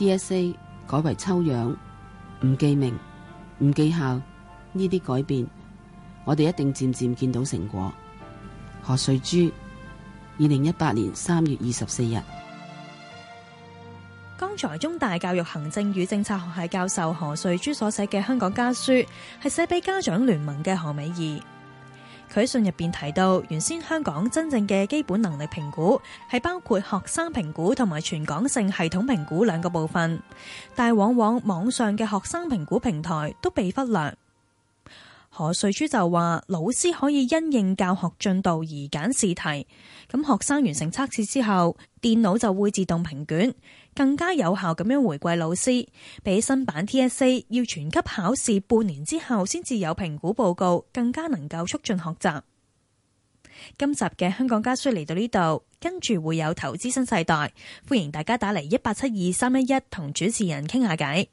DSC 改為抽樣，唔記名，唔記校。呢啲改變，我哋一定漸漸見到成果。何瑞珠，二零一八年三月二十四日。剛才中大教育行政與政策學系教授何瑞珠所寫嘅香港家書，係寫俾家長聯盟嘅何美儀。佢信入邊提到，原先香港真正嘅基本能力評估係包括學生評估同埋全港性系統評估兩個部分，但係往往網上嘅學生評估平台都被忽略。何瑞珠就話，老師可以因應教學進度而揀試題，咁學生完成測試之後，電腦就會自動評卷。更加有效咁樣回饋老師，比新版 TSA 要全級考試半年之後先至有評估報告，更加能夠促進學習。今集嘅香港家書嚟到呢度，跟住會有投資新世代，歡迎大家打嚟一八七二三一一同主持人傾下偈。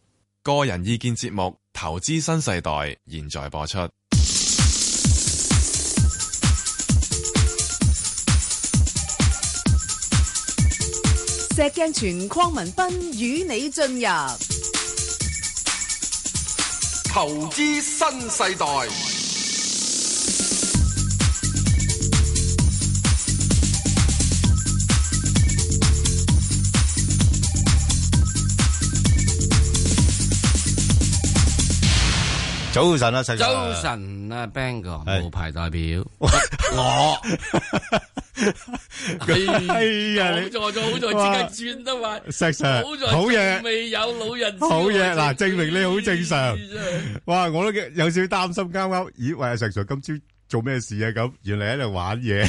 個人意見節目《投資新世代》現在播出。石鏡泉鄺民彬與你進入投資新世代。早晨啊，石 Sir。早晨啊，Bangor 無牌代表我。係啊，好在好在，直接轉得快。石 Sir，好嘢。未有老人。好嘢，嗱，證明你好正常。哇，我都有少少擔心，啱啱咦？喂，石 Sir，今朝做咩事啊？咁，原嚟喺度玩嘢。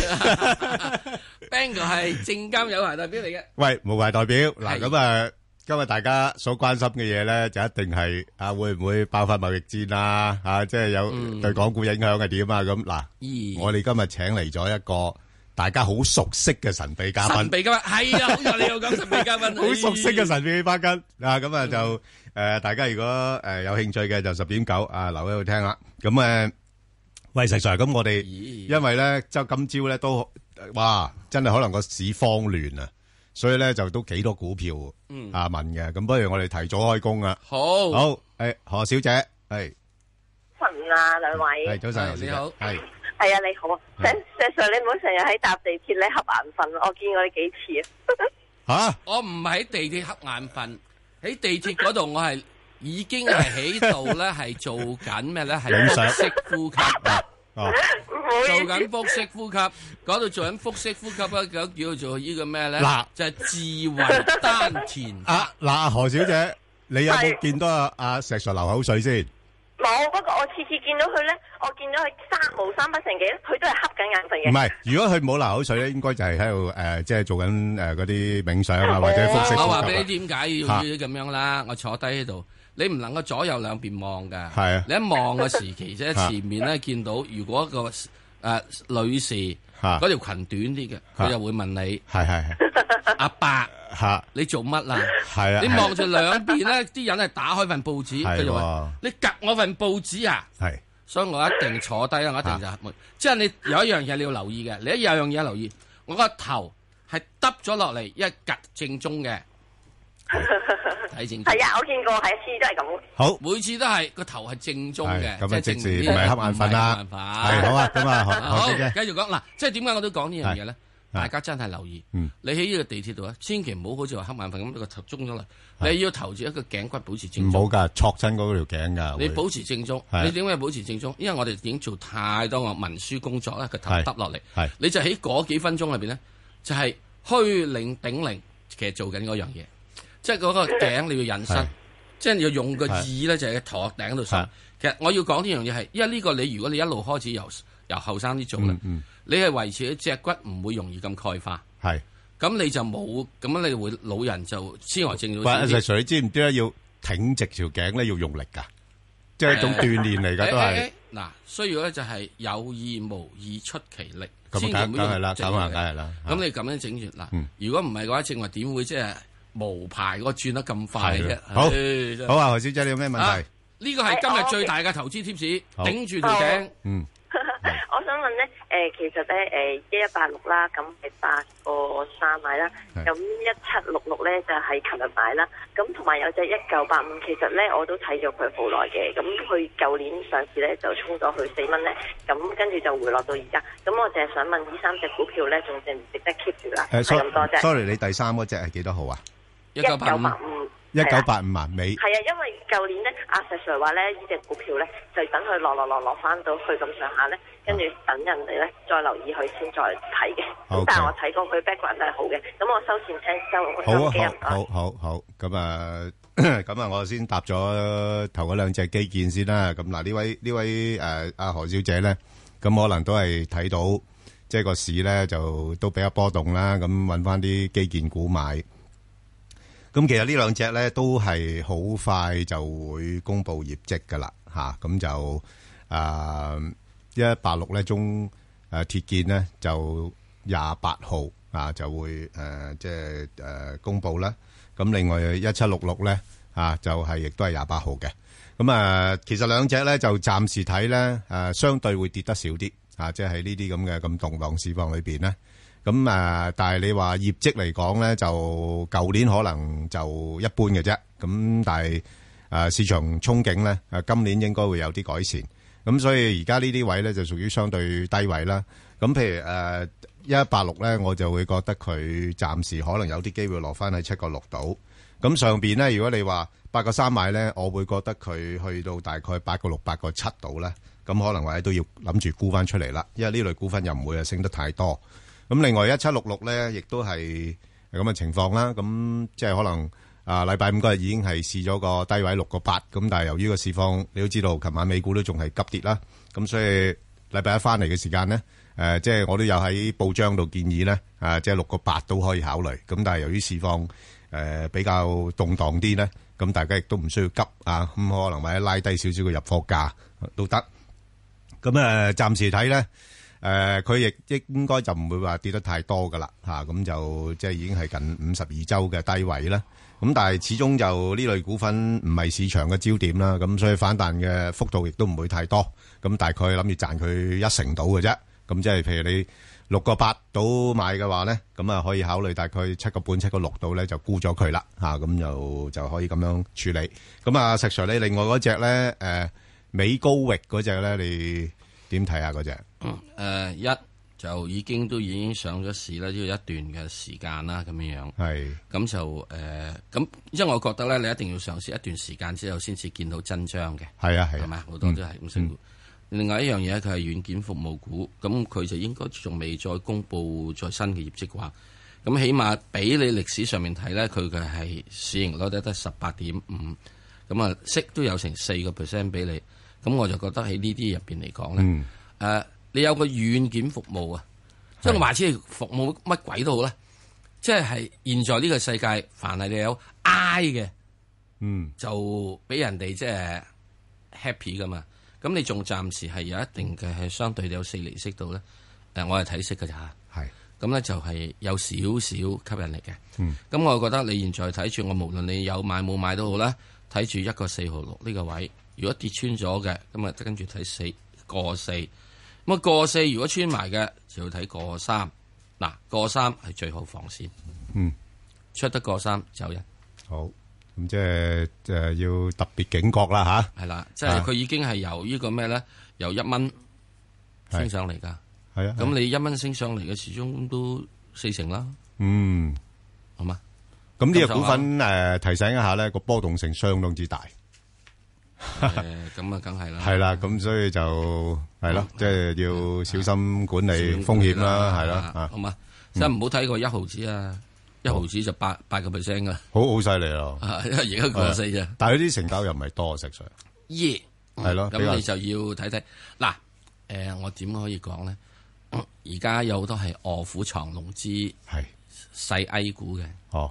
Bangor 係證監有牌代表嚟嘅。喂，無牌代表嗱，咁啊。今日大家所關心嘅嘢咧，就一定係啊，會唔會爆發貿易戰啊？吓，即係有對港股影響係點啊？咁嗱，我哋今日請嚟咗一個大家好熟悉嘅神秘嘉賓。神秘嘉賓係啊，好有你又講神秘嘉賓，好熟悉嘅神秘嘉賓啊！咁啊就誒，大家如果誒有興趣嘅，就十點九啊留喺度聽啦。咁誒，石 Sir 咁，我哋因為咧，就今朝咧都哇，真係可能個市慌亂啊！所以咧就都幾多股票啊文嘅，咁不如我哋提早開工啊！好，好，誒、欸、何小姐，係，晨啊兩位，係早晨，你好，係係啊你好啊，石石 Sir 你唔好成日喺搭地鐵你瞌眼瞓，我見過你幾次啊，吓，我唔係喺地鐵瞌眼瞓，喺地鐵嗰度我係已經係喺度咧係做緊咩咧係，深式 呼吸。嗯 哦、 做緊腹式呼吸， 講到做緊腹式呼吸啦，叫做呢個咩咧？嗱，就係智慧丹田啊！嗱、啊，何小姐，是你有冇見到阿、啊、阿、啊、石 Sir 流口水先？冇，不過我次次見到佢咧，我見到佢三毛三筆成幾，佢都係瞌緊眼瞓嘅。唔係，如果佢冇流口水咧，應該就係喺度誒，即、呃、係、就是、做緊誒嗰啲冥想啊，或者腹式、哦、我話俾你點解要咁樣啦？我坐低喺度。啊你唔能夠左右兩邊望㗎，你一望嘅時期啫，前面咧，見到如果個誒女士嗰條裙短啲嘅，佢就會問你係係阿伯，你做乜啊？係啊，你望住兩邊咧，啲人係打開份報紙，佢就話：你夾我份報紙啊！係，所以我一定坐低啦，我一定就即係你有一樣嘢你要留意嘅，你有一樣嘢要留意，我個頭係耷咗落嚟一夾正中嘅。睇正係啊！我見過，係次次都係咁。好，每次都係個頭係正宗嘅，咁啊正字唔係黑眼瞓啦。係好啊，好啊，好。繼續講嗱，即係點解我都講呢樣嘢咧？大家真係留意，你喺呢個地鐵度啊，千祈唔好好似話黑眼瞓咁個頭中咗落嚟。你要頭住一個頸骨保持正。唔好噶，戳親嗰條頸噶。你保持正宗，你點解保持正宗？因為我哋已經做太多個文書工作啦，個頭耷落嚟。係，你就喺嗰幾分鐘裏邊咧，就係虛靈頂靈，其實做緊嗰樣嘢。即係嗰個頸你要引伸，即係你要用個字咧，就係個頭頂度上。其實我要講呢樣嘢係，因為呢個你如果你一路開始由由後生啲做咧，你係維持啲脊骨唔會容易咁鈣化。係，咁你就冇咁你會老人就先纖維症。就水知唔知咧？要挺直條頸咧，要用力噶，即係一種鍛煉嚟噶都係。嗱，需要咧就係有意無意出其力，自然咁你咁樣整完嗱，如果唔係嘅話，正話點會即係？無牌我轉得咁快嘅。好，嘿好啊，何小姐，你有咩問題？呢個係今日最大嘅投資 tips，頂住條頸。嗯， 我想問咧，誒，其實咧，誒，的一一八六啦，咁係八個三買啦，咁一七六六咧就係琴日買啦，咁同埋有隻一九八五，其實咧我都睇咗佢好耐嘅，咁佢舊年上市咧就衝咗去四蚊咧，咁跟住就回落到而家，咁我淨係想問呢三隻股票咧，仲值唔值得 keep 住啦？係咁、啊、多啫。Sorry，你第三嗰隻係幾多號啊？一九八五，一九八五萬尾。係啊，因為舊年咧，阿石 Sir 話咧，呢隻股票咧，就等佢落落落落翻到去咁上下咧，跟住等人哋咧再留意佢先再睇嘅。咁但係我睇過佢 background 都係好嘅，咁我收線聽收收機啊。好啊，好，好，好。咁啊，咁啊，我先答咗頭嗰兩隻基建先啦。咁嗱，呢位呢位誒阿何小姐咧，咁可能都係睇到即係個市咧就都比較波動啦。咁揾翻啲基建股買。咁其實呢兩隻咧都係好快就會公布業績噶啦嚇，咁、啊、就誒一八六咧中誒、呃、鐵建咧就廿八號啊就會誒、呃、即係誒、呃、公佈啦。咁、啊、另外一七六六咧啊就係亦都係廿八號嘅。咁啊其實兩隻咧就暫時睇咧，誒相對會跌得少啲啊，即係喺呢啲咁嘅咁動盪市況裏邊咧。咁誒，但係你話業績嚟講咧，就舊年可能就一般嘅啫。咁但係誒，市場憧憬咧誒，今年應該會有啲改善。咁所以而家呢啲位咧就屬於相對低位啦。咁譬如誒一八六咧，我就會覺得佢暫時可能有啲機會落翻喺七個六度。咁上邊咧，如果你話八個三買咧，我會覺得佢去到大概八個六、八個七度咧。咁可能或者都要諗住沽翻出嚟啦，因為呢類股份又唔會啊升得太多。咁另外一七六六咧，亦都係咁嘅情況啦。咁即係可能啊，禮拜五嗰日已經係試咗個低位六個八咁，但係由於個市況，你都知道，琴晚美股都仲係急跌啦。咁所以禮拜一翻嚟嘅時間咧，誒，即係我都有喺報章度建議咧，啊，即係六個八都可以考慮。咁但係由於市況誒比較動盪啲咧，咁大家亦都唔需要急啊。咁可能或者拉低少少嘅入貨價都得。咁誒，暫時睇咧。誒，佢亦、呃、應應該就唔會話跌得太多噶啦吓，咁、啊嗯、就即係已經係近五十二周嘅低位啦。咁、嗯、但係始終就呢類股份唔係市場嘅焦點啦，咁、嗯、所以反彈嘅幅度亦都唔會太多。咁、嗯、大概諗住賺佢一成到嘅啫。咁、嗯、即係譬如你六個八到買嘅話咧，咁、嗯、啊可以考慮大概七個半、七個六到咧就沽咗佢啦吓，咁、啊嗯、就就可以咁樣處理。咁、嗯、啊石 Sir，你另外嗰隻咧，誒、呃、美高域嗰隻咧，你點睇啊？嗰隻？誒、嗯呃，一就已經都已經上咗市啦，都、就、要、是、一段嘅時間啦，咁樣樣。係的，咁就誒，咁、呃、因為我覺得咧，你一定要嘗試一段時間之後，先至見到真章嘅。係啊係，係嘛，好多都係咁升。另外一樣嘢，佢係軟件服務股，咁佢就應該仲未再公布再新嘅業績啩？咁起碼俾你歷史上面睇咧，佢嘅係市盈率得得十八點五，咁啊息都有成四個 percent 俾你。咁我就覺得喺呢啲入邊嚟講咧，誒、嗯。呃呃你有個軟件服務啊，是即係話之服務乜鬼都好啦，即係現在呢個世界，凡係你有 I 嘅，嗯，就俾人哋即係 happy 噶嘛。咁你仲暫時係有一定嘅，係相對有四厘息度咧。誒、呃，我係睇息噶咋，係咁咧就係有少少吸引力嘅。嗯，咁我覺得你現在睇住我，無論你有買冇買都好啦，睇住一個四號六呢個位，如果跌穿咗嘅，咁啊跟住睇四個四。咁啊，過四如果穿埋嘅，就要睇過三。嗱，過三係最好防線。嗯，出得過三走人。好，咁即係誒、呃，要特別警覺啦吓。係、啊、啦，即係佢、啊、已經係由呢個咩咧，由一蚊升上嚟噶。係啊，咁你一蚊升上嚟嘅，始終都四成啦。啊啊、嗯，好嘛嗎。咁呢個股份誒，呃、提醒一下咧，個波動性相當之大。咁啊，梗係啦，係啦，咁所以就係咯，即係要小心管理風險啦，係咯，好嘛，即係唔好睇過一毫子啊，一毫子就八八個 percent 噶，好好犀利啊，而家咁犀啊，但係啲成交又唔係多啊，實際上，係咯，咁你就要睇睇嗱，誒，我點可以講咧？而家有好多係臥虎藏龍之細 A 股嘅，哦。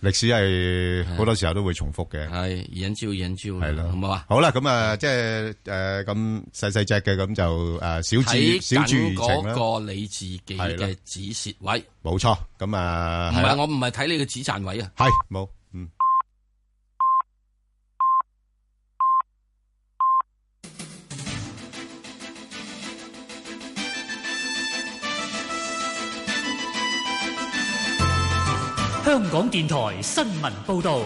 歷史係好多時候都會重複嘅，係引照、引照，係咯的好嘛吧？好啦，咁啊、呃，即係誒咁細細隻嘅咁就誒小注、呃，小注，怡情嗰個你自己嘅止蝕位，冇錯咁啊。唔係我唔係睇你嘅止賺位啊，係冇。香港電台新聞報道。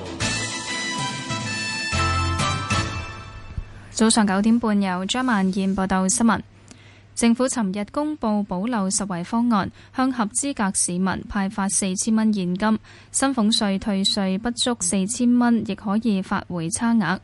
早上九點半有，由張萬燕報道新聞。政府尋日公布保留實惠方案，向合資格市民派發四千蚊現金。薪俸稅退稅不足四千蚊，亦可以發回差額。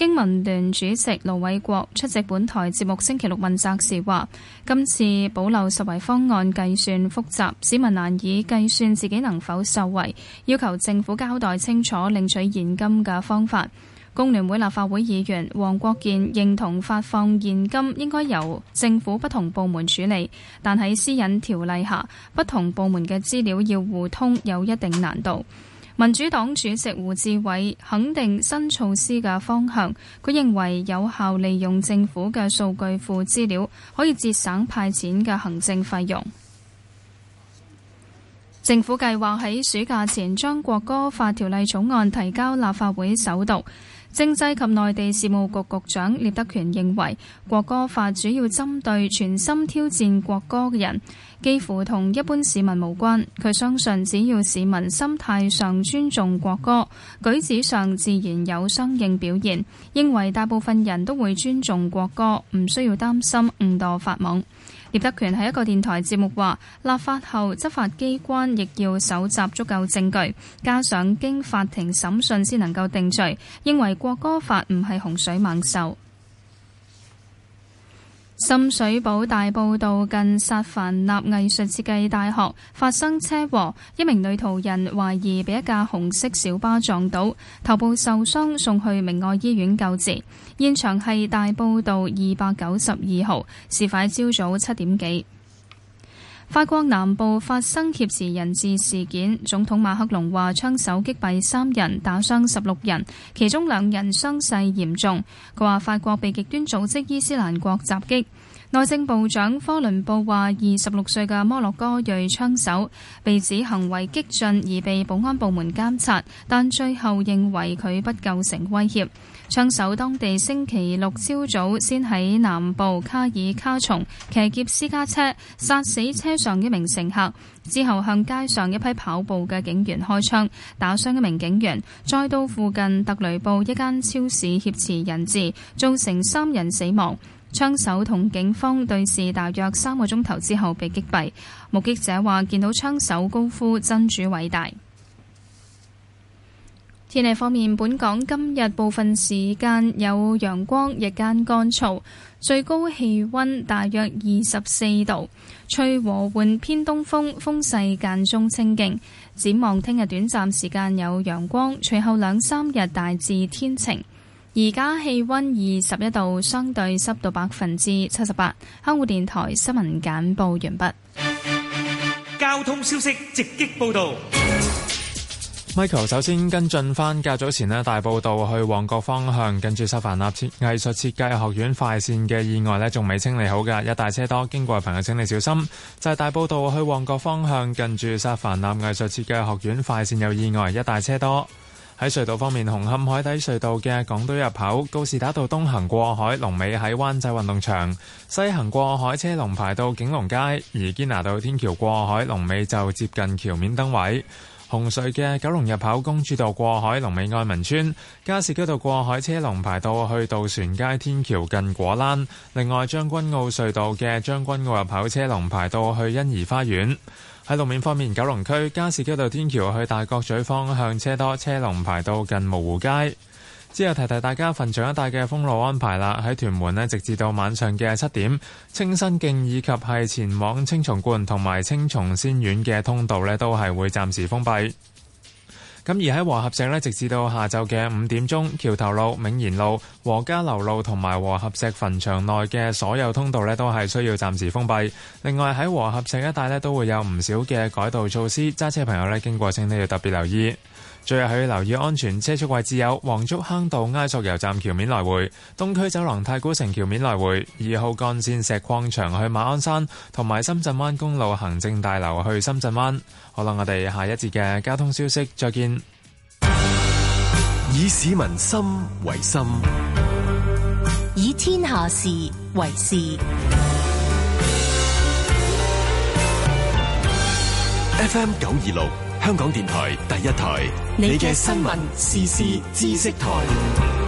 經民聯主席盧偉國出席本台節目星期六問責時話：今次保留實惠方案計算複雜，市民難以計算自己能否受惠，要求政府交代清楚領取現金嘅方法。工聯會立法會議員黃國健認同發放現金應該由政府不同部門處理，但喺私隱條例下，不同部門嘅資料要互通有一定難度。民主黨主席胡志偉肯定新措施嘅方向，佢認為有效利用政府嘅數據庫資料，可以節省派錢嘅行政費用。政府計劃喺暑假前將國歌法條例草案提交立法會首讀。政制及內地事務局局，局長聶德權認為，國歌法主要針對全心挑戰國歌嘅人。幾乎同一般市民無關，佢相信只要市民心態上尊重國歌，舉止上自然有相應表現，認為大部分人都會尊重國歌，唔需要擔心誤墮法網。聶德權喺一個電台節目話：立法後執法機關亦要搜集足夠證據，加上經法庭審訊先能夠定罪。認為國歌法唔係洪水猛獸。深水埗大埔道近薩凡納藝術設計大學發生車禍，一名女途人懷疑被一架紅色小巴撞倒，頭部受傷送去明愛醫院救治。現場係大埔道二百九十二號，事發朝早七點幾。法國南部發生挾持人質事件，總統馬克龍話槍手擊斃三人，打傷十六人，其中兩人傷勢嚴重。佢話法國被極端組織伊斯蘭國襲擊。內政部長科倫布話：二十六歲嘅摩洛哥裔槍手被指行為激進而被保安部門監察，但最後認為佢不構成威脅。槍手當地星期六朝早先喺南部卡爾卡松騎劫私家車，殺死車上一名乘客，之後向街上一批跑步嘅警員開槍，打傷一名警員，再到附近特雷布一間超市挾持人質，造成三人死亡。槍手同警方對峙大約三個鐘頭之後被擊斃。目擊者話見到槍手高呼“真主偉大”。天氣方面，本港今日部分時間有陽光，日間乾燥，最高氣溫大約二十四度。吹和緩偏東風，風勢間中清勁。展望聽日短暫時間有陽光，隨後兩三日大致天晴。而家氣溫二十一度，相對濕度百分之七十八。香港電台新聞簡報完畢。交通消息，直擊報道。Michael 首先跟進返較早前呢，大埔道去旺角方向，近住薩凡納設藝術設計學院快線嘅意外呢，仲未清理好嘅，一大車多，經過嘅朋友請你小心。就係、是、大埔道去旺角方向，近住薩凡納藝術設計學院快線有意外，一大車多。喺隧道方面，紅磡海底隧道嘅港島入口，告士打道東行過海，龍尾喺灣仔運動場；西行過海，車龍排到景隆街，而堅拿道天橋過海，龍尾就接近橋面燈位。紅隧嘅九龍入口，公主道過海，龍尾愛民村；加士居道過海車龍排到去渡船街天橋近果欄。另外，將軍澳隧道嘅將軍澳入口，車龍排到去欣怡花園。喺路面方面，九龍區加士居道天橋去大角咀方向車多，車龍排到近蕪湖街。之後提提大家，墳場一帶嘅封路安排啦。喺屯門呢，直至到晚上嘅七點，清新徑以及係前往青松觀同埋青松仙苑嘅通道呢，都係會暫時封閉。咁而喺和合石呢，直至到下晝嘅五點鐘，橋頭路、銘賢路、和家樓路同埋和合石墳場內嘅所有通道呢，都係需要暫時封閉。另外喺和合石一帶呢，都會有唔少嘅改道措施，揸車朋友呢，經過請都要特別留意。最後可以留意安全車速位置，有黃竹坑道埃索油站橋面來回、東區走廊、太古城橋面來回、二號幹線石礦場去馬鞍山，同埋深圳灣公路行政大樓去深圳灣。好啦，我哋下一節嘅交通消息再見。以市民心為心，以天下事為事，以天下事為事。FM 九二六。香港電台第一台，你嘅新聞時事知識台。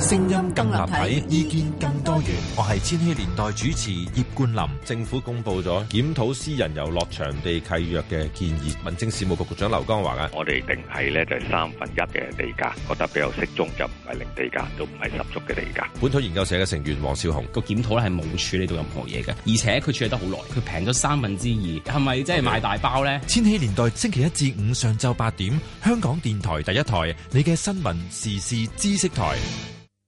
聲音更立體，意見更多元。我係千禧年代主持葉冠霖。政府公布咗檢討私人遊樂場地契約嘅建議。民政事務局局長劉江華啊，我哋定係咧就係三分一嘅地價，覺得比較適中，就唔係零地價，都唔係十足嘅地價。本土研究社嘅成員黃少紅，個檢討咧係冇處理到任何嘢嘅，而且佢處理得好耐，佢平咗三分之二，係咪真係賣大包呢？千禧年代星期一至五上晝八點，香港電台第一台，你嘅新聞時事知識台。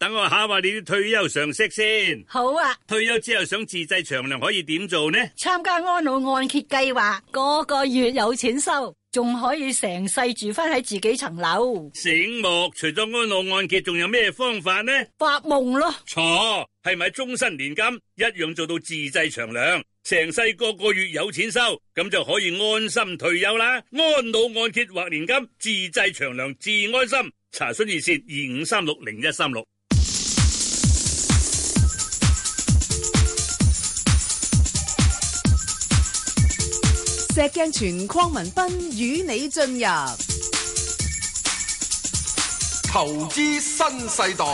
等我下，話你啲退休常識先。好啊！退休之後想自製長糧可以點做呢？參加安老按揭計劃，個個月有錢收，仲可以成世住翻喺自己層樓。醒目，除咗安老按揭，仲有咩方法呢？發夢咯？錯，係咪終身年金一樣做到自製長糧，成世個個月有錢收，咁就可以安心退休啦。安老按揭或年金，自製長糧，自安心。查詢熱線二五三六零一三六。石鏡泉、鄺民彬與你進入投資新世代。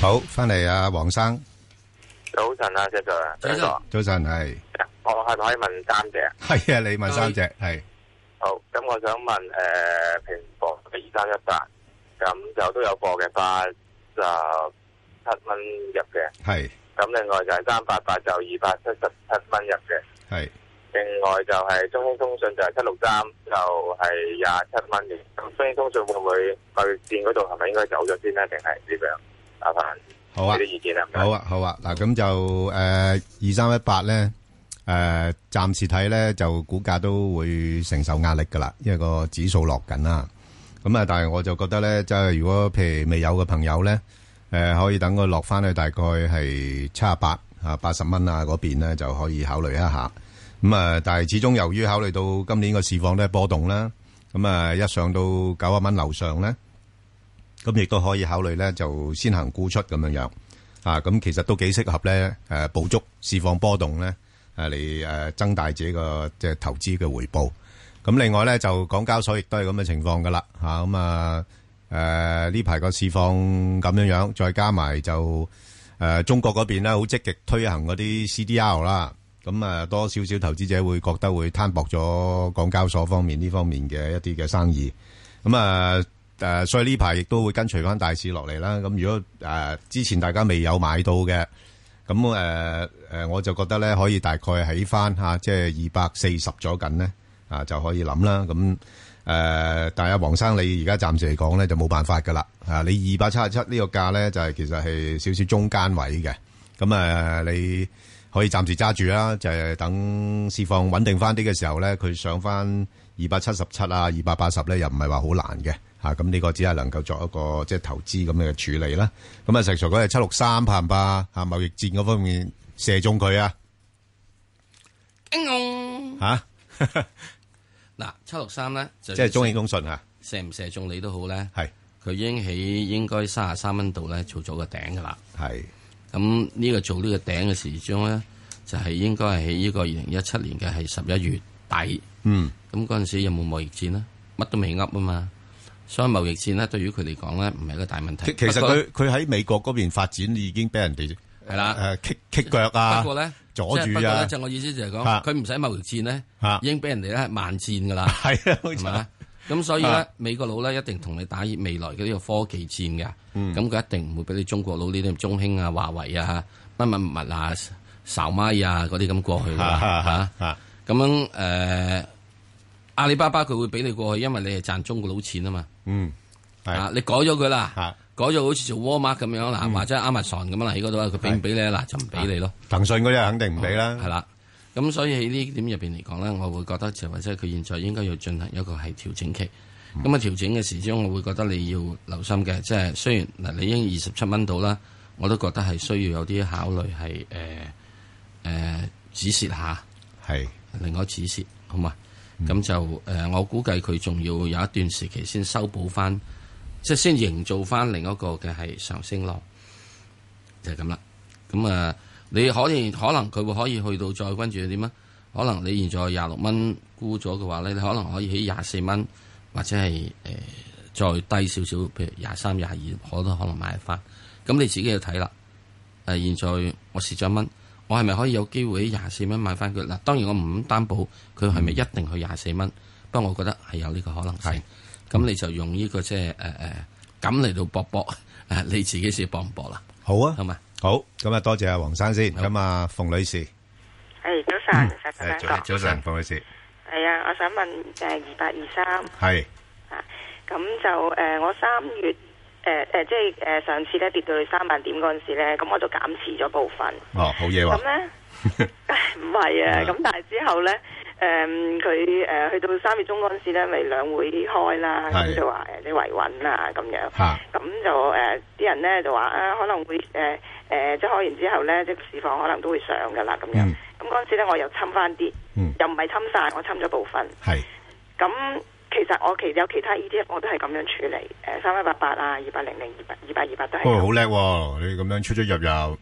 好，翻嚟啊，黃生。早晨啊，謝、這個、Sir 早晨。這個、早晨係。我係咪可以問三隻？係啊，你問三隻。係。好，咁我想問，誒、呃，平保二三一八，咁就都有貨嘅，八十七蚊入嘅。係。咁另外就係三八八就二百七十七蚊入嘅。係是。另外就係中興通訊就係七六三就係廿七蚊嘅。咁中興通訊會唔會對線嗰度係咪應該走咗先咧？定係呢樣？麻煩，有啲意見啊？行好啊，好啊，嗱，咁就誒，二三一八咧。誒、呃，暫時睇咧就股價都會承受壓力噶啦，因為個指數落緊啦。咁啊，但係我就覺得咧，即係如果譬如未有嘅朋友咧，誒、呃，可以等佢落翻去大概係七十八啊八十蚊啊嗰邊咧，就可以考慮一下。咁啊，但係始終由於考慮到今年個市況咧波動啦，咁啊一上到九十蚊樓上咧，咁亦都可以考慮咧，就先行沽出咁樣樣啊。咁其實都幾適合咧，誒、啊，捕捉市況波動咧。啊，嚟誒增大自己個即係投資嘅回報。咁另外咧，就港交所亦都係咁嘅情況噶啦，嚇，咁啊誒呢排個市況咁樣樣，再加埋就誒、啊、中國嗰邊咧，好積極推行嗰啲 CDR 啦。咁啊，多少少投資者會覺得會攤薄咗港交所方面呢方面嘅一啲嘅生意。咁啊誒、啊，所以呢排亦都會跟隨翻大市落嚟啦。咁、啊、如果誒、啊、之前大家未有買到嘅。咁誒誒，我就覺得咧，可以大概起翻嚇，即係二百四十左近咧，啊就可以諗啦。咁、啊、誒，但係阿黃生你而家暫時嚟講咧，就冇辦法噶啦。嚇、啊，你二百七十七呢個價咧，就係其實係少少中間位嘅。咁啊，你可以暫時揸住啦，就係、是、等市況穩定翻啲嘅時候咧，佢上翻二百七十七啊，二百八十咧，又唔係話好難嘅。啊，咁呢個只係能夠作一個即係投資咁樣嘅處理啦。咁啊，實才嗰日七六三怕唔怕？啊？貿易戰嗰方面射中佢啊！驚龍吓嗱，七六三咧，即係中興通訊啊，射唔射中你都好咧。係佢是已經喺應該三十三蚊度咧，做咗個頂噶啦。係咁呢個做個頂呢個頂嘅時鐘咧，就係、是、應該係喺呢個二零一七年嘅係十一月底。嗯，咁嗰陣時有冇貿易戰啊？乜都未噏啊嘛。所以貿易戰咧，對於佢嚟講呢，唔係一個大問題。其實佢佢喺美國嗰邊發展，已經俾人哋係啦，誒，棘棘腳啊。不過咧，阻住啊。不過咧，即係我意思就係講，佢唔使貿易戰呢，已經俾人哋咧，慢戰噶啦。係啊，咁所以呢，美國佬呢，一定同你打未來嘅呢個科技戰㗎。咁佢一定唔會俾你中國佬呢啲中興啊、華為啊、乜乜物啊、手機啊嗰啲咁過去㗎。咁樣誒。阿里巴巴佢會俾你過去，因為你係賺中國佬錢啊嘛。嗯，係啊，你改咗佢啦，是改咗好似做沃爾瑪咁樣嗱，嗯、或者 Amazon 咁樣嗱，喺嗰度啊，佢俾唔俾你啦，就唔俾你咯。騰訊嗰啲肯定唔俾啦。係啦、嗯，咁所以喺呢點入邊嚟講咧，我會覺得就係或者佢現在應該要進行一個係調整期。咁啊、嗯，調整嘅時中我會覺得你要留心嘅，即係雖然嗱，你已經二十七蚊到啦，我都覺得係需要有啲考慮係誒誒止蝕下係是，另外止蝕好嘛？咁就誒、呃，我估計佢仲要有一段時期先修補翻，即係先營造翻另一個嘅係上升浪，就係咁啦。咁啊、呃，你可以可能佢會可以去到再關注點啊？可能你現在廿六蚊沽咗嘅話咧，你可能可以起廿四蚊，或者係誒、呃、再低少少，譬如廿三、廿二，我都可能買翻。咁你自己去睇啦。誒、呃，現在我蝕咗一蚊。我係咪可以有機會喺廿四蚊買翻佢？嗱，當然我唔敢擔保佢係咪一定去廿四蚊，不過、嗯、我覺得係有呢個可能性。咁是、嗯、你就用呢、這個即係誒誒咁嚟到搏搏，誒、呃呃、你自己試搏唔搏啦？好啊，好嘛嗎，好，咁啊多謝阿黃生先，咁好啊馮女士，係早晨上，嗯、早晨，早晨，馮女士，係是啊，我想問誒二八二三，係啊，咁就誒、呃、我三月。誒誒、呃，即係誒、呃，上次咧跌到去三萬點嗰陣時咧，咁、嗯、我就減持咗部分。哦，好嘢喎！咁咧唔係啊，咁 但係之後咧，誒、嗯，佢誒、呃、去到三月中嗰陣時咧，咪兩會開啦，咁是就話誒啲維穩啊咁樣。咁就誒，啲人咧就話啊，可能會誒誒、呃呃，即係開完之後咧，即係市況可能都會上噶啦，咁樣。咁嗰陣時咧，我又侵翻啲，嗯、又唔係侵晒，我侵咗部分。係咁是。其實我其有其他依啲我都係咁樣處理。誒三一八八啊、二八零零，二八二八二八都係。哦，好叻喎！你咁樣出出入入。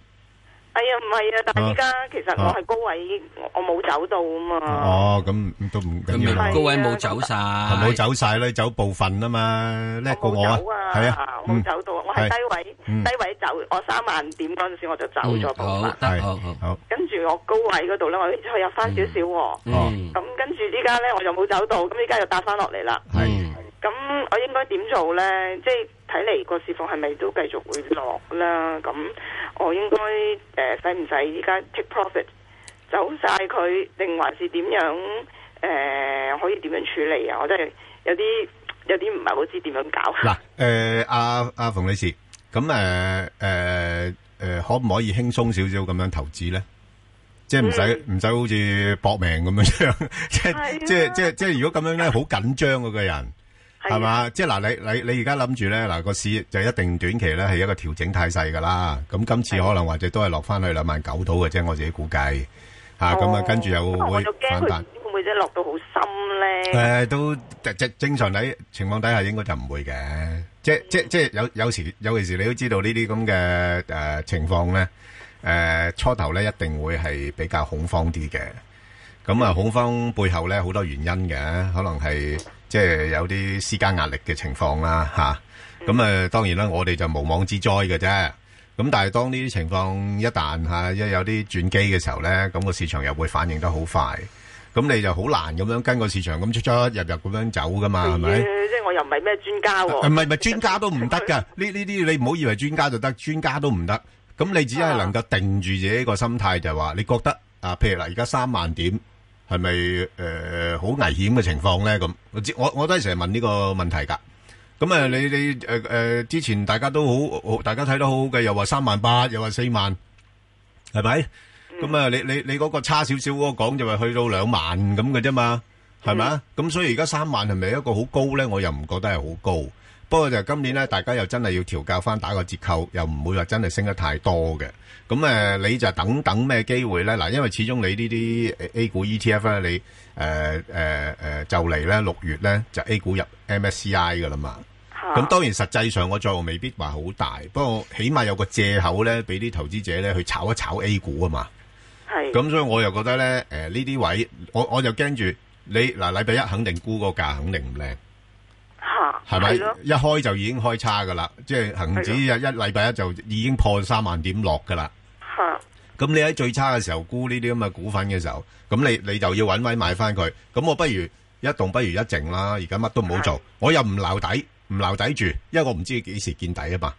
哎呀，唔係啊，但係依家其實我係高位，我冇走到啊嘛。哦，咁都唔緊要咯，高位冇走晒，冇走晒咧，走部分啊嘛。叻哥，我係啊，冇走到，我係低位，低位走，我三萬點嗰陣時我就走咗部分。係，好好好。跟住我高位嗰度咧，我再入翻少少。哦。咁跟住依家咧，我就冇走到，咁依家就搭翻落嚟啦。係。咁我應該點做咧？即係睇嚟個市況係咪都繼續會落啦？咁我應該誒使唔使而家 take profit 走晒佢，定還是點樣誒、呃、可以點樣處理啊？我真係有啲有啲唔係好知點樣搞。嗱，誒阿阿馮女士，咁誒誒誒可唔可以輕鬆少少咁樣投資咧？即係唔使唔使好似搏命咁樣，即係、啊、即係即係即係如果咁樣咧，好緊張嗰個人。係嘛？即係嗱，你你你而家諗住咧，嗱，個市就一定短期咧係一個調整態勢噶啦。咁今次可能或者都係落翻去兩萬九到嘅啫，我自己估計吓。咁啊，跟住又會反彈，會唔會即係落到好深咧？誒，都即係正常底情況底下，應該就唔會嘅。即係即係即係有有時，尤其是你都知道呢啲咁嘅誒情況咧，誒初頭咧一定會係比較恐慌啲嘅。咁啊，恐慌背後咧好多原因嘅，可能係。即係有啲施加壓力嘅情況啦，嚇咁啊，當然啦，我哋就無妄之災嘅啫。咁但係當呢啲情況一旦嚇一有啲轉機嘅時候咧，咁個市場又會反應得好快。咁你就好難咁樣跟個市場咁出出入入咁樣走㗎嘛，係咪？即係我又唔係咩專家喎。唔係唔係，專家都唔得㗎。呢呢啲你唔好以為專家就得，專家都唔得。咁你只係能夠定住自己個心態，就係話你覺得啊，譬如嗱，而家三萬點。係咪誒好危險嘅情況咧？咁我我我都成日問呢個問題㗎。咁啊，你你誒誒之前大家都好好，大家睇得好好嘅，又話三萬八，又話四萬，係咪？咁啊，你你你嗰個差少少嗰個講就話去到兩萬咁嘅啫嘛，係咪啊？咁所以而家三萬係咪一個好高咧？我又唔覺得係好高。不過就今年咧，大家又真係要調教翻，打個折扣，又唔會話真係升得太多嘅。咁誒、嗯，你就等等咩機會咧？嗱，因為始終你呢啲 A 股 ETF 咧，你誒誒誒就嚟咧六月咧就 A 股入 MSCI 嘅啦嘛。咁、啊、當然實際上我再未必話好大，不過起碼有個借口咧，俾啲投資者咧去炒一炒 A 股啊嘛。係的。咁、嗯、所以我又覺得咧，誒呢啲位，我我就驚住你嗱禮拜一肯定估個價肯定唔靚。嚇。係咪？一開就已經開叉嘅啦，即係恒指一的一禮拜一就已經破 30, 三萬點落嘅啦。吓，咁、啊、你喺最差嘅時候沽呢啲咁嘅股份嘅時候，咁你你就要揾位買翻佢。咁我不如一動不如一靜啦。而家乜都唔好做，的我又唔留底，唔留底住，因為我唔知幾時見底啊嘛。